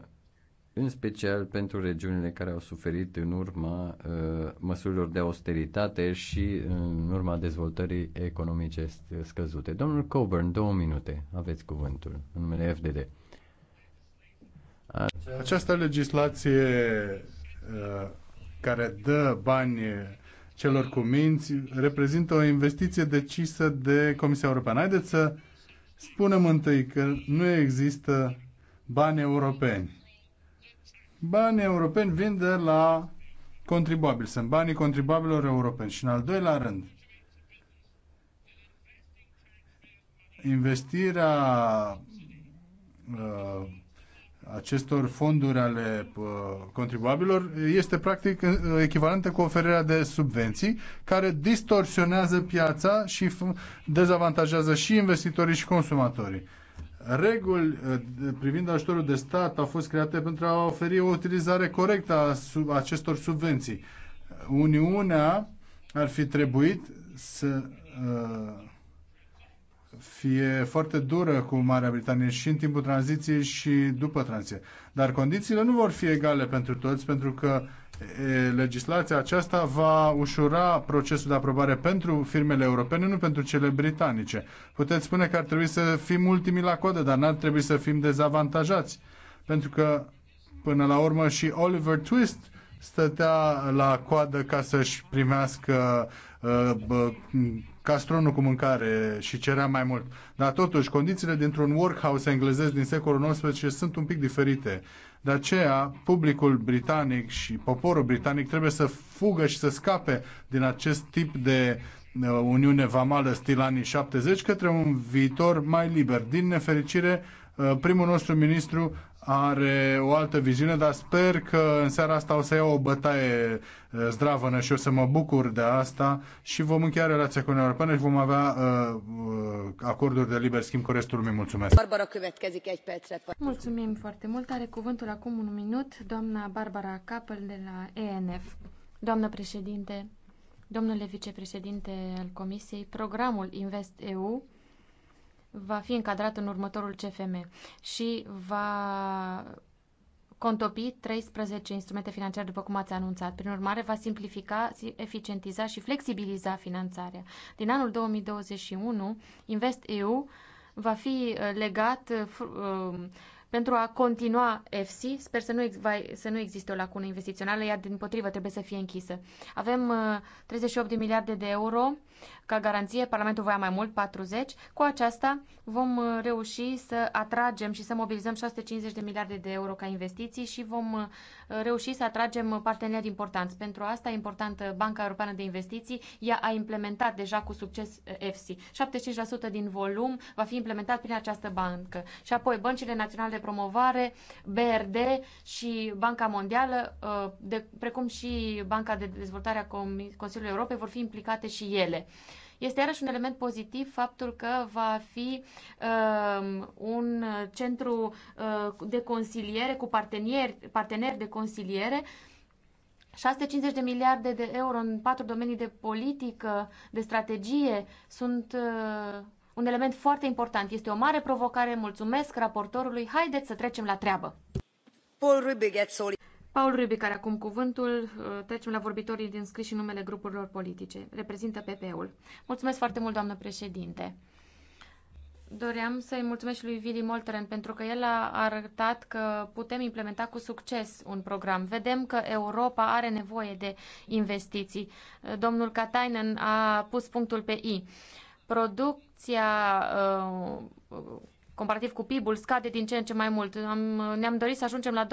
în special pentru regiunile care au suferit în urma uh, măsurilor de austeritate și în urma dezvoltării economice scăzute. Domnul Coburn, două minute, aveți cuvântul, în numele FDD. Această legislație uh, care dă bani celor cu minți reprezintă o investiție decisă de Comisia Europeană. Haideți să spunem întâi că nu există bani europeni. Banii europeni vin de la contribuabili, sunt banii contribuabililor europeni. Și în al doilea rând, investirea uh, acestor fonduri ale uh, contribuabilor este practic uh, echivalentă cu oferirea de subvenții care distorsionează piața și dezavantajează și investitorii și consumatorii. Reguli uh, privind ajutorul de stat au fost create pentru a oferi o utilizare corectă a acestor subvenții. Uniunea ar fi trebuit să uh, fie foarte dură cu Marea Britanie și în timpul tranziției și după tranziție. Dar condițiile nu vor fi egale pentru toți, pentru că legislația aceasta va ușura procesul de aprobare pentru firmele europene, nu pentru cele britanice. Puteți spune că ar trebui să fim ultimii la codă, dar n-ar trebui să fim dezavantajați, pentru că până la urmă și Oliver Twist stătea la coadă ca să-și primească uh, castronul cu mâncare și cerea mai mult. Dar totuși, condițiile dintr-un workhouse englezesc din secolul XIX sunt un pic diferite. De aceea, publicul britanic și poporul britanic trebuie să fugă și să scape din acest tip de uh, Uniune Vamală stil anii 70 către un viitor mai liber. Din nefericire, uh, primul nostru ministru are o altă viziune, dar sper că în seara asta o să iau o bătaie zdravănă și o să mă bucur de asta și vom încheia relația cu Uniunea Europeană și vom avea uh, acorduri de liber schimb cu restul lumii. Mulțumesc! Barbara, Mulțumim foarte mult! Are cuvântul acum un minut doamna Barbara Capel de la ENF. Doamna președinte, domnule vicepreședinte al Comisiei, programul InvestEU va fi încadrat în următorul CFM și va contopi 13 instrumente financiare, după cum ați anunțat. Prin urmare, va simplifica, eficientiza și flexibiliza finanțarea. Din anul 2021, InvestEU va fi uh, legat uh, uh, pentru a continua FC. sper să nu, să nu existe o lacună investițională, ea din potrivă trebuie să fie închisă. Avem 38 de miliarde de euro ca garanție, Parlamentul voia mai mult, 40. Cu aceasta vom uh, reuși să atragem și să mobilizăm 650 de miliarde de euro ca investiții și vom uh, reuși să atragem parteneri importanți. Pentru asta e importantă Banca Europeană de Investiții. Ea a implementat deja cu succes uh, EFSI. 75% din volum va fi implementat prin această bancă. Și apoi băncile naționale de promovare, BRD și Banca Mondială, de, precum și Banca de Dezvoltare a Consiliului Europei, vor fi implicate și ele. Este iarăși un element pozitiv faptul că va fi uh, un centru uh, de consiliere cu parteneri, parteneri de consiliere 650 de miliarde de euro în patru domenii de politică, de strategie, sunt uh, un element foarte important. Este o mare provocare. Mulțumesc raportorului. Haideți să trecem la treabă. Paul Rubiget, Paul Rubi, care acum cuvântul, uh, trecem la vorbitorii din scris și numele grupurilor politice. Reprezintă PP-ul. Mulțumesc foarte mult, doamnă președinte. Doream să-i mulțumesc și lui Vili Molteren pentru că el a arătat că putem implementa cu succes un program. Vedem că Europa are nevoie de investiții. Uh, domnul Katainen a pus punctul pe I. Producția uh, comparativ cu PIB-ul, scade din ce în ce mai mult. Am, ne-am dorit să ajungem la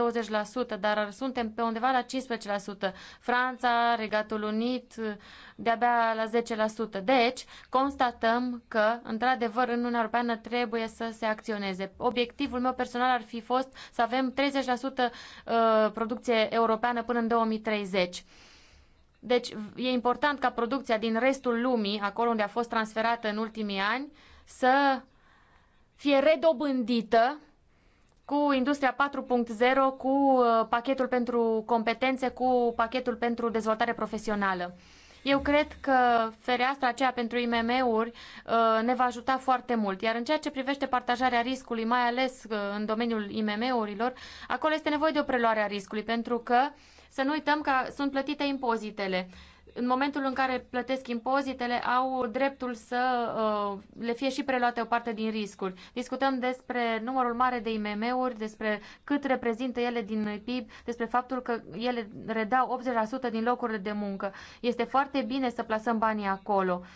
20%, dar suntem pe undeva la 15%. Franța, Regatul Unit, de-abia la 10%. Deci, constatăm că, într-adevăr, în Uniunea Europeană trebuie să se acționeze. Obiectivul meu personal ar fi fost să avem 30% uh, producție europeană până în 2030. Deci, e important ca producția din restul lumii, acolo unde a fost transferată în ultimii ani, să fie redobândită cu Industria 4.0, cu uh, pachetul pentru competențe, cu pachetul pentru dezvoltare profesională. Eu cred că fereastra aceea pentru IMM-uri uh, ne va ajuta foarte mult. Iar în ceea ce privește partajarea riscului, mai ales uh, în domeniul IMM-urilor, acolo este nevoie de o preluare a riscului, pentru că să nu uităm că sunt plătite impozitele în momentul în care plătesc impozitele, au dreptul să uh, le fie și preluate o parte din riscuri. Discutăm despre numărul mare de IMM-uri, despre cât reprezintă ele din PIB, despre faptul că ele redau 80% din locurile de muncă. Este foarte bine să plasăm banii acolo. Uh,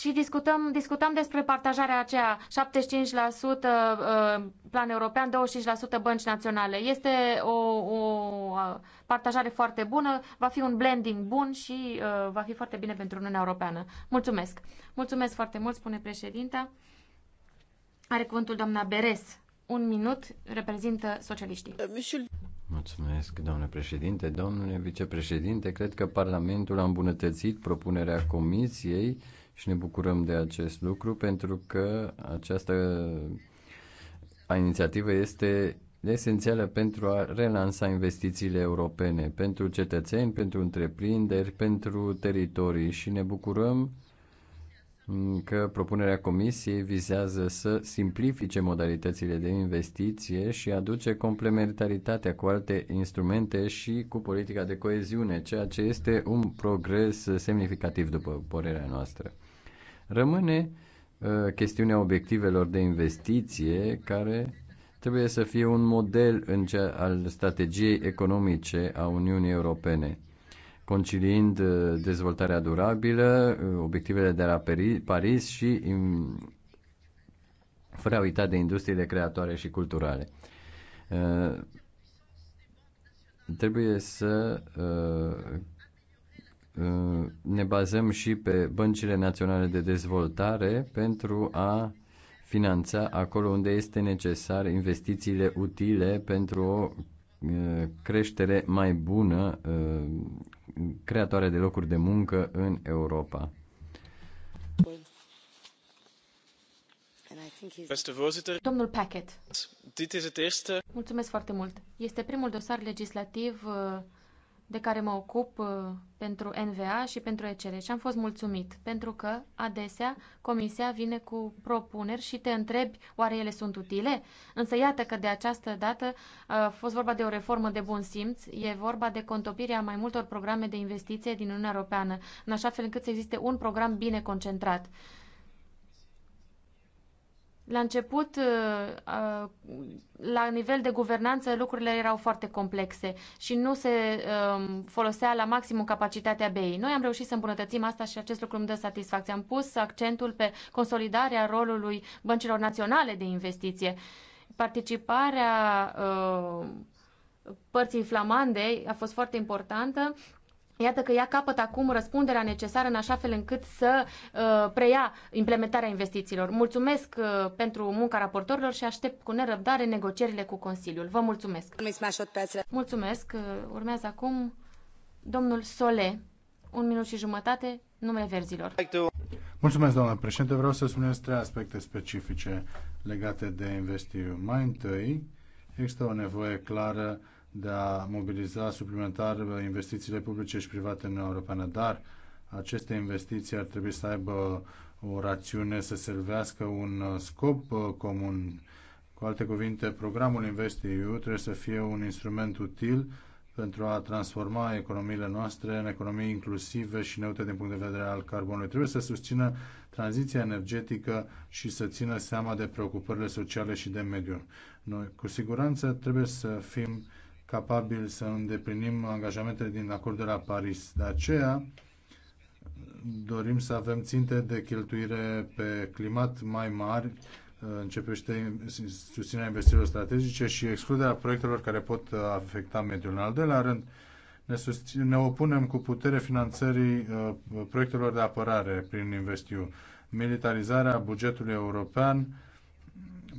și discutăm, discutăm despre partajarea aceea 75% uh, plan european, 25% bănci naționale. Este o, o partajare foarte bună, va fi un blending bun și uh, va fi foarte bine pentru Uniunea Europeană. Mulțumesc! Mulțumesc foarte mult, spune președinta. Are cuvântul doamna Beres. Un minut reprezintă socialiștii. Mulțumesc, domnule președinte. Domnule vicepreședinte, cred că Parlamentul a îmbunătățit propunerea Comisiei și ne bucurăm de acest lucru pentru că această inițiativă este esențială pentru a relansa investițiile europene, pentru cetățeni, pentru întreprinderi, pentru teritorii și ne bucurăm că propunerea Comisiei vizează să simplifice modalitățile de investiție și aduce complementaritatea cu alte instrumente și cu politica de coeziune, ceea ce este un progres semnificativ după părerea noastră. Rămâne uh, chestiunea obiectivelor de investiție care trebuie să fie un model în cea al strategiei economice a Uniunii Europene, conciliind uh, dezvoltarea durabilă, uh, obiectivele de la Paris și um, fără a uita de industriile creatoare și culturale. Trebuie să Uh, ne bazăm și pe băncile naționale de dezvoltare pentru a finanța acolo unde este necesar investițiile utile pentru o uh, creștere mai bună uh, creatoare de locuri de muncă în Europa. Domnul Packet. Mulțumesc foarte mult. Este primul dosar legislativ uh, de care mă ocup uh, pentru NVA și pentru ECR și am fost mulțumit, pentru că adesea comisia vine cu propuneri și te întrebi oare ele sunt utile? Însă iată că de această dată uh, a fost vorba de o reformă de bun simț, e vorba de contopirea mai multor programe de investiție din Uniunea Europeană, în așa fel încât să existe un program bine concentrat. La început, uh, uh, la nivel de guvernanță, lucrurile erau foarte complexe și nu se um, folosea la maximum capacitatea BEI. Noi am reușit să îmbunătățim asta și acest lucru îmi dă satisfacție. Am pus accentul pe consolidarea rolului băncilor naționale de investiție. Participarea uh, părții flamandei a fost foarte importantă Iată că ea capăt acum răspunderea necesară în așa fel încât să uh, preia implementarea investițiilor. Mulțumesc uh, pentru munca raportorilor și aștept cu nerăbdare negocierile cu Consiliul. Vă mulțumesc! Mulțumesc! Uh, urmează acum domnul Sole, un minut și jumătate, numele verzilor. Mulțumesc, doamna președinte. Vreau să spunez trei aspecte specifice legate de investiu. Mai întâi, există o nevoie clară de a mobiliza suplimentar investițiile publice și private în Europeană, dar aceste investiții ar trebui să aibă o rațiune, să servească un uh, scop uh, comun. Cu alte cuvinte, programul InvestEU trebuie să fie un instrument util pentru a transforma economiile noastre în economii inclusive și neutre din punct de vedere al carbonului. Trebuie să susțină tranziția energetică și să țină seama de preocupările sociale și de mediu. Noi, cu siguranță, trebuie să fim capabili să îndeplinim angajamentele din acordul de la Paris. De aceea dorim să avem ținte de cheltuire pe climat mai mari, începește susținerea investițiilor strategice și excluderea proiectelor care pot afecta mediul. În al doilea rând, ne, susține, ne opunem cu putere finanțării uh, proiectelor de apărare prin investiu. Militarizarea bugetului european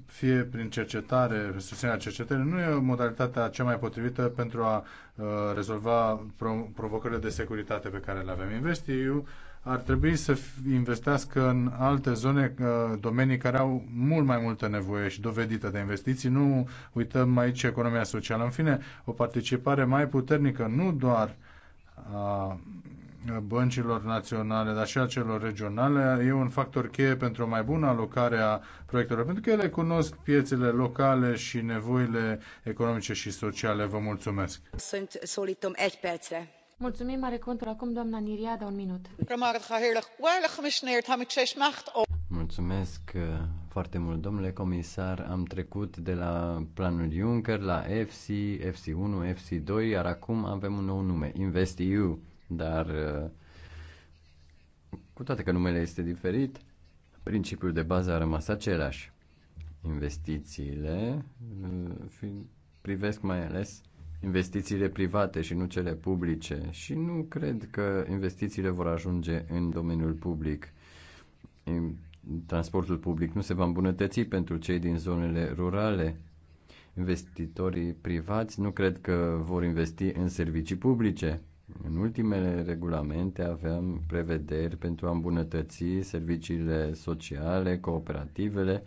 fie prin cercetare, susținerea cercetării, nu e modalitatea cea mai potrivită pentru a uh, rezolva pro- provocările de securitate pe care le avem. Investiu ar trebui să investească în alte zone, uh, domenii care au mult mai multă nevoie și dovedită de investiții. Nu uităm aici economia socială. În fine, o participare mai puternică, nu doar a băncilor naționale, dar și a celor regionale, e un factor cheie pentru o mai bună alocare a proiectelor, pentru că ele cunosc piețele locale și nevoile economice și sociale. Vă mulțumesc! Sunt solitum 1 piețe. Mulțumim, mare, contul acum doamna Niriada, un minut. Mulțumesc uh, foarte mult, domnule comisar. Am trecut de la planul Juncker la FC, FC1, FC2, iar acum avem un nou nume, InvestEU dar uh, cu toate că numele este diferit, principiul de bază a rămas același. Investițiile uh, privesc mai ales investițiile private și nu cele publice și nu cred că investițiile vor ajunge în domeniul public. Transportul public nu se va îmbunătăți pentru cei din zonele rurale. Investitorii privați nu cred că vor investi în servicii publice în ultimele regulamente aveam prevederi pentru a îmbunătăți serviciile sociale, cooperativele,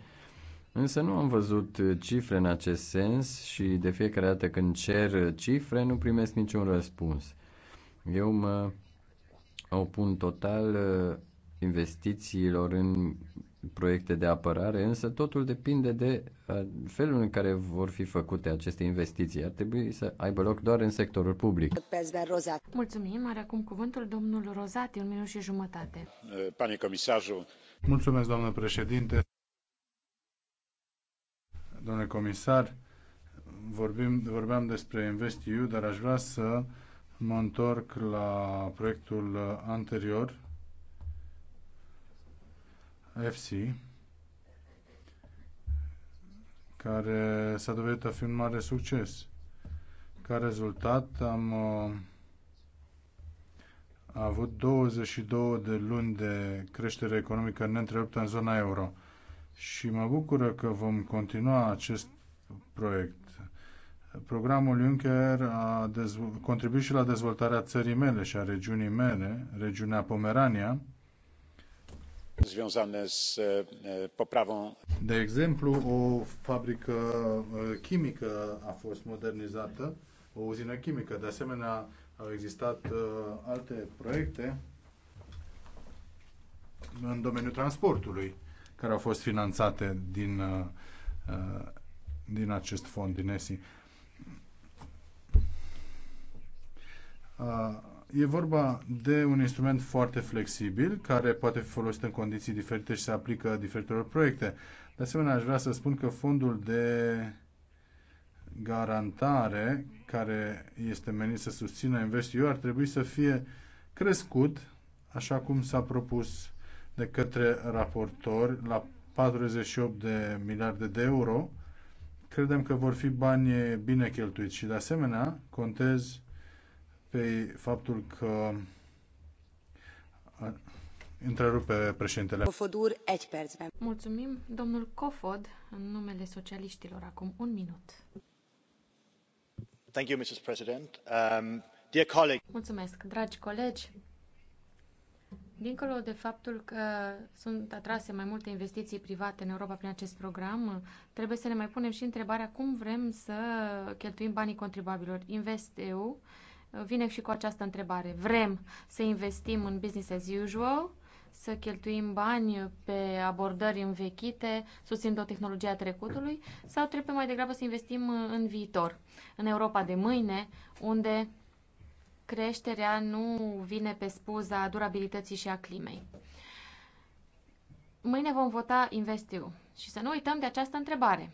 însă nu am văzut cifre în acest sens și de fiecare dată când cer cifre nu primesc niciun răspuns. Eu mă opun total uh, investițiilor în proiecte de apărare, însă totul depinde de uh, felul în care vor fi făcute aceste investiții. Ar trebui să aibă loc doar în sectorul public. Mulțumim. Are acum cuvântul domnul Rozati, un minut și jumătate. Pane comisarul. Mulțumesc, doamnă președinte. Domnule comisar, vorbim, vorbeam despre InvestEU, dar aș vrea să mă întorc la proiectul anterior, FC, care s-a dovedit a fi un mare succes. Ca rezultat am uh, avut 22 de luni de creștere economică neîntreruptă în zona euro și mă bucură că vom continua acest proiect. Programul Juncker a contribuit și la dezvoltarea țării mele și a regiunii mele, regiunea Pomerania, związane z poprawą. De exemplu, o fabrică chimică a fost modernizată, o uzină chimică. De asemenea, au existat alte proiecte în domeniul transportului care au fost finanțate din, din acest fond, din ESI. E vorba de un instrument foarte flexibil, care poate fi folosit în condiții diferite și se aplică diferitelor proiecte. De asemenea, aș vrea să spun că fondul de garantare, care este menit să susțină investiu ar trebui să fie crescut, așa cum s-a propus de către raportori, la 48 de miliarde de euro. Credem că vor fi bani bine cheltuiți și, de asemenea, contez pe faptul că întrerupe președintele. Cofodul, Mulțumim, domnul Cofod, în numele socialiștilor, acum un minut. Thank you, Mrs. President. Um, dear colleague... Mulțumesc, dragi colegi. Dincolo de faptul că sunt atrase mai multe investiții private în Europa prin acest program, trebuie să ne mai punem și întrebarea cum vrem să cheltuim banii contribuabilor. InvestEU EU vine și cu această întrebare. Vrem să investim în business as usual, să cheltuim bani pe abordări învechite, susținând o tehnologie a trecutului, sau trebuie mai degrabă să investim în viitor, în Europa de mâine, unde creșterea nu vine pe spuza durabilității și a climei. Mâine vom vota Investiu și să nu uităm de această întrebare.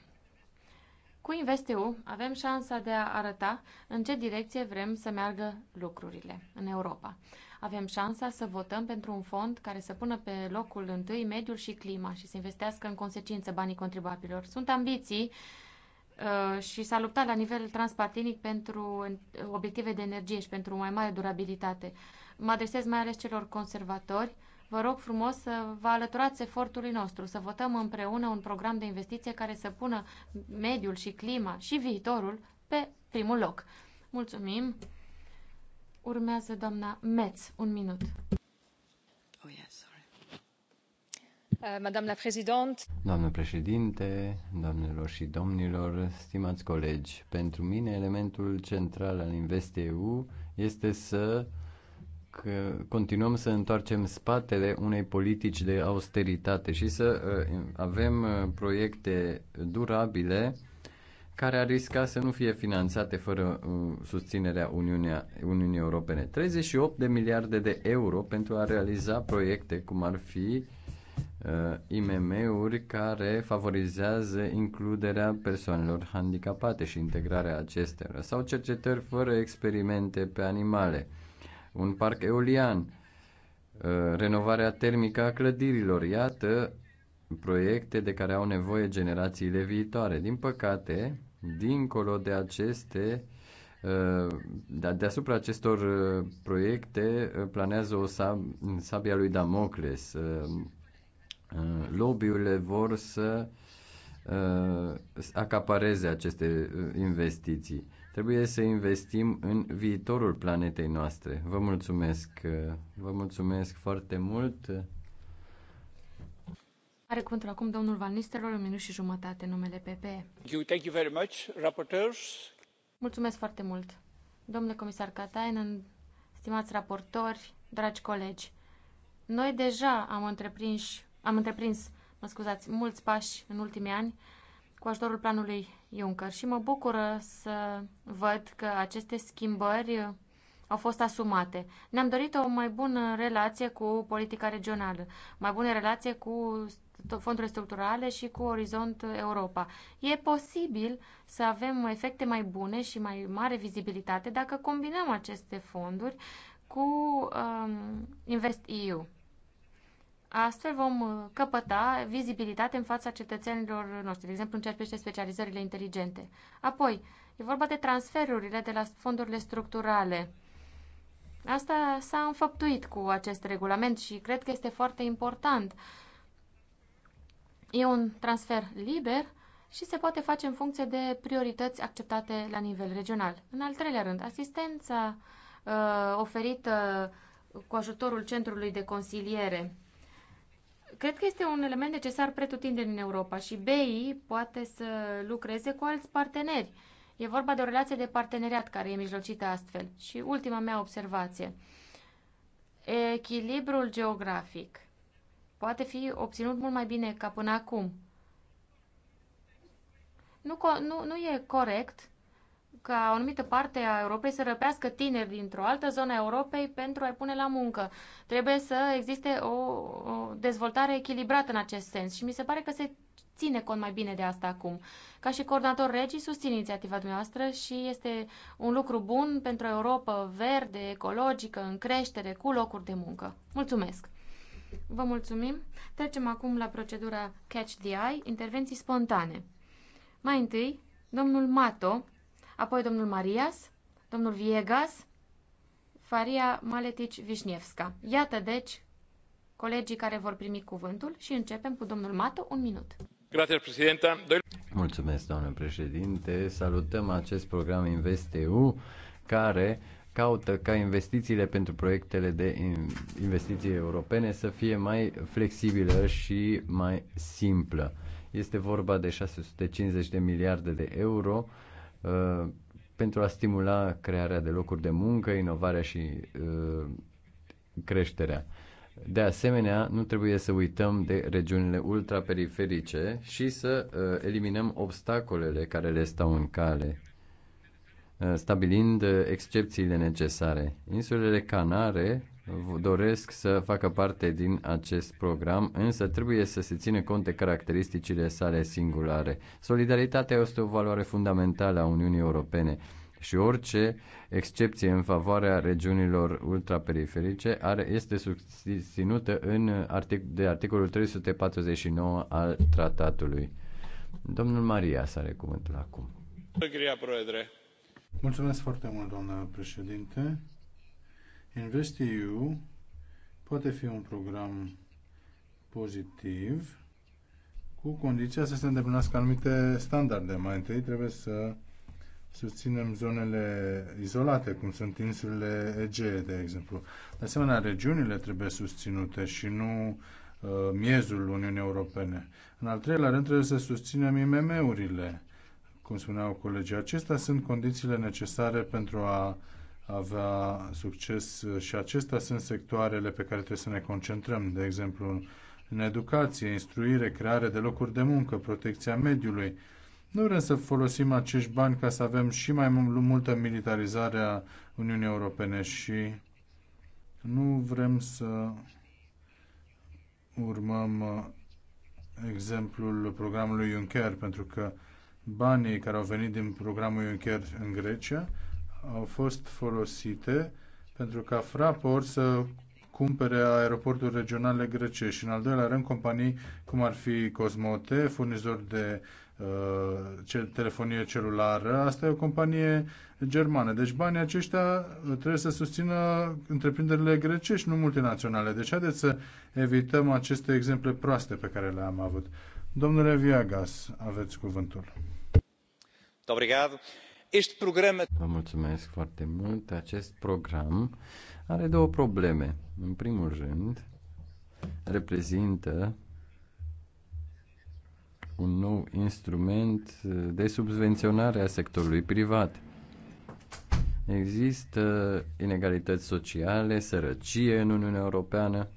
Cu InvestEU avem șansa de a arăta în ce direcție vrem să meargă lucrurile în Europa. Avem șansa să votăm pentru un fond care să pună pe locul întâi mediul și clima și să investească în consecință banii contribuabililor. Sunt ambiții uh, și s-a luptat la nivel transpartinic pentru obiective de energie și pentru o mai mare durabilitate. Mă adresez mai ales celor conservatori, Vă rog frumos să vă alăturați efortului nostru, să votăm împreună un program de investiție care să pună mediul și clima și viitorul pe primul loc. Mulțumim! Urmează doamna Metz, un minut. Oh, yes, sorry. Uh, Madame la Doamnă președinte, doamnelor și domnilor, stimați colegi, pentru mine elementul central al InvestEU este să că continuăm să întoarcem spatele unei politici de austeritate și să uh, avem uh, proiecte durabile care ar risca să nu fie finanțate fără uh, susținerea Uniunea, Uniunii Europene. 38 de miliarde de euro pentru a realiza proiecte cum ar fi uh, IMM-uri care favorizează includerea persoanelor handicapate și integrarea acestora sau cercetări fără experimente pe animale. Uh, un parc eolian, uh, renovarea termică a clădirilor. Iată proiecte de care au nevoie generațiile viitoare. Din păcate, dincolo de aceste uh, deasupra acestor uh, proiecte planează o sab- sabia lui Damocles. Lobbyurile vor să acapareze aceste investiții. Trebuie să investim în viitorul planetei noastre. Vă mulțumesc. Vă mulțumesc foarte mult. Are cuvântul acum domnul Van Nistelrooy, un minut și jumătate, numele PPE. Thank you very much, rapporteurs. Mulțumesc foarte mult. Domnule comisar Katainen, stimați raportori, dragi colegi, noi deja am întreprins, am întreprins mă scuzați, mulți pași în ultimii ani cu ajutorul planului Juncker și mă bucură să văd că aceste schimbări au fost asumate. Ne-am dorit o mai bună relație cu politica regională, mai bună relație cu fondurile structurale și cu Orizont Europa. E posibil să avem efecte mai bune și mai mare vizibilitate dacă combinăm aceste fonduri cu um, InvestEU. Astfel vom uh, căpăta vizibilitate în fața cetățenilor noștri, de exemplu în ceea ce privește specializările inteligente. Apoi, e vorba de transferurile de la fondurile structurale. Asta s-a înfăptuit cu acest regulament și cred că este foarte important. E un transfer liber și se poate face în funcție de priorități acceptate la nivel regional. În al treilea rând, asistența uh, oferită cu ajutorul Centrului de Consiliere Cred că este un element necesar pretutindeni în Europa și BI poate să lucreze cu alți parteneri. E vorba de o relație de parteneriat care e mijlocită astfel. Și ultima mea observație. Echilibrul geografic poate fi obținut mult mai bine ca până acum. Nu, nu, nu e corect ca o anumită parte a Europei să răpească tineri dintr-o altă zonă a Europei pentru a-i pune la muncă. Trebuie să existe o, o dezvoltare echilibrată în acest sens și mi se pare că se ține cont mai bine de asta acum. Ca și coordonator regii, susțin inițiativa dumneavoastră și este un lucru bun pentru Europa verde, ecologică, în creștere, cu locuri de muncă. Mulțumesc! Vă mulțumim. Trecem acum la procedura Catch the Eye, intervenții spontane. Mai întâi, domnul Mato, apoi domnul Marias, domnul Viegas, Faria Maletici Vișnievska. Iată, deci, colegii care vor primi cuvântul și începem cu domnul Mato, un minut. Grazie, Mulțumesc, doamnă președinte. Salutăm acest program InvestEU care caută ca investițiile pentru proiectele de investiții europene să fie mai flexibilă și mai simplă. Este vorba de 650 de miliarde de euro pentru a stimula crearea de locuri de muncă, inovarea și uh, creșterea. De asemenea, nu trebuie să uităm de regiunile ultraperiferice și să uh, eliminăm obstacolele care le stau în cale, uh, stabilind excepțiile necesare. Insulele Canare doresc să facă parte din acest program, însă trebuie să se țină cont de caracteristicile sale singulare. Solidaritatea este o valoare fundamentală a Uniunii Europene și orice excepție în favoarea regiunilor ultraperiferice are, este susținută în artic, de articolul 349 al tratatului. Domnul Maria să are cuvântul acum. Mulțumesc foarte mult, doamnă președinte. InvestEU poate fi un program pozitiv cu condiția să se îndeplinească anumite standarde. Mai întâi trebuie să susținem zonele izolate, cum sunt insulele Egee, de exemplu. De asemenea, regiunile trebuie susținute și nu uh, miezul Uniunii Europene. În al treilea rând, trebuie să susținem IMM-urile. Cum spuneau colegii, acestea sunt condițiile necesare pentru a uh, avea succes uh, și acestea sunt sectoarele pe care trebuie să ne concentrăm, de exemplu în educație, instruire, creare de locuri de muncă, protecția mediului. Nu vrem să folosim acești bani ca să avem și mai multă militarizare a Uniunii Europene și nu vrem să urmăm uh, exemplul programului Juncker, pentru că banii care au venit din programul Juncker în Grecia au fost folosite pentru ca Fraport să cumpere aeroporturi regionale grecești și în al doilea rând companii cum ar fi Cosmote, furnizor de uh, telefonie celulară. Asta e o companie germană. Deci banii aceștia trebuie să susțină întreprinderile grecești, nu multinaționale. Deci haideți să evităm aceste exemple proaste pe care le-am avut. Domnule Viagas, aveți cuvântul. Obrigado este programa... Vă mulțumesc foarte mult. Acest program are două probleme. În primul rând, reprezintă un nou instrument de subvenționare a sectorului privat. Există inegalități sociale, sărăcie în Uniunea Europeană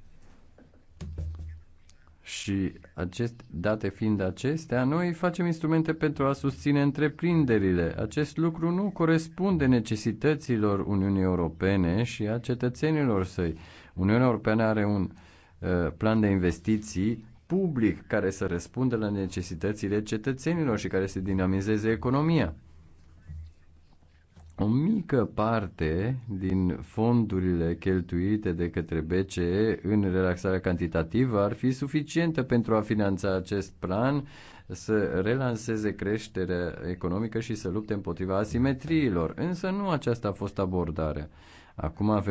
și acest, date fiind acestea, noi facem instrumente pentru a susține întreprinderile. Acest lucru nu corespunde necesităților Uniunii Europene și a cetățenilor săi. Uniunea Europeană are un uh, plan de investiții public care să răspundă la necesitățile cetățenilor și care să dinamizeze economia o mică parte din fondurile cheltuite de către BCE în relaxarea cantitativă ar fi suficientă pentru a finanța acest plan, să relanseze creșterea economică și să lupte împotriva asimetriilor. Însă nu aceasta a fost abordarea. Acum avem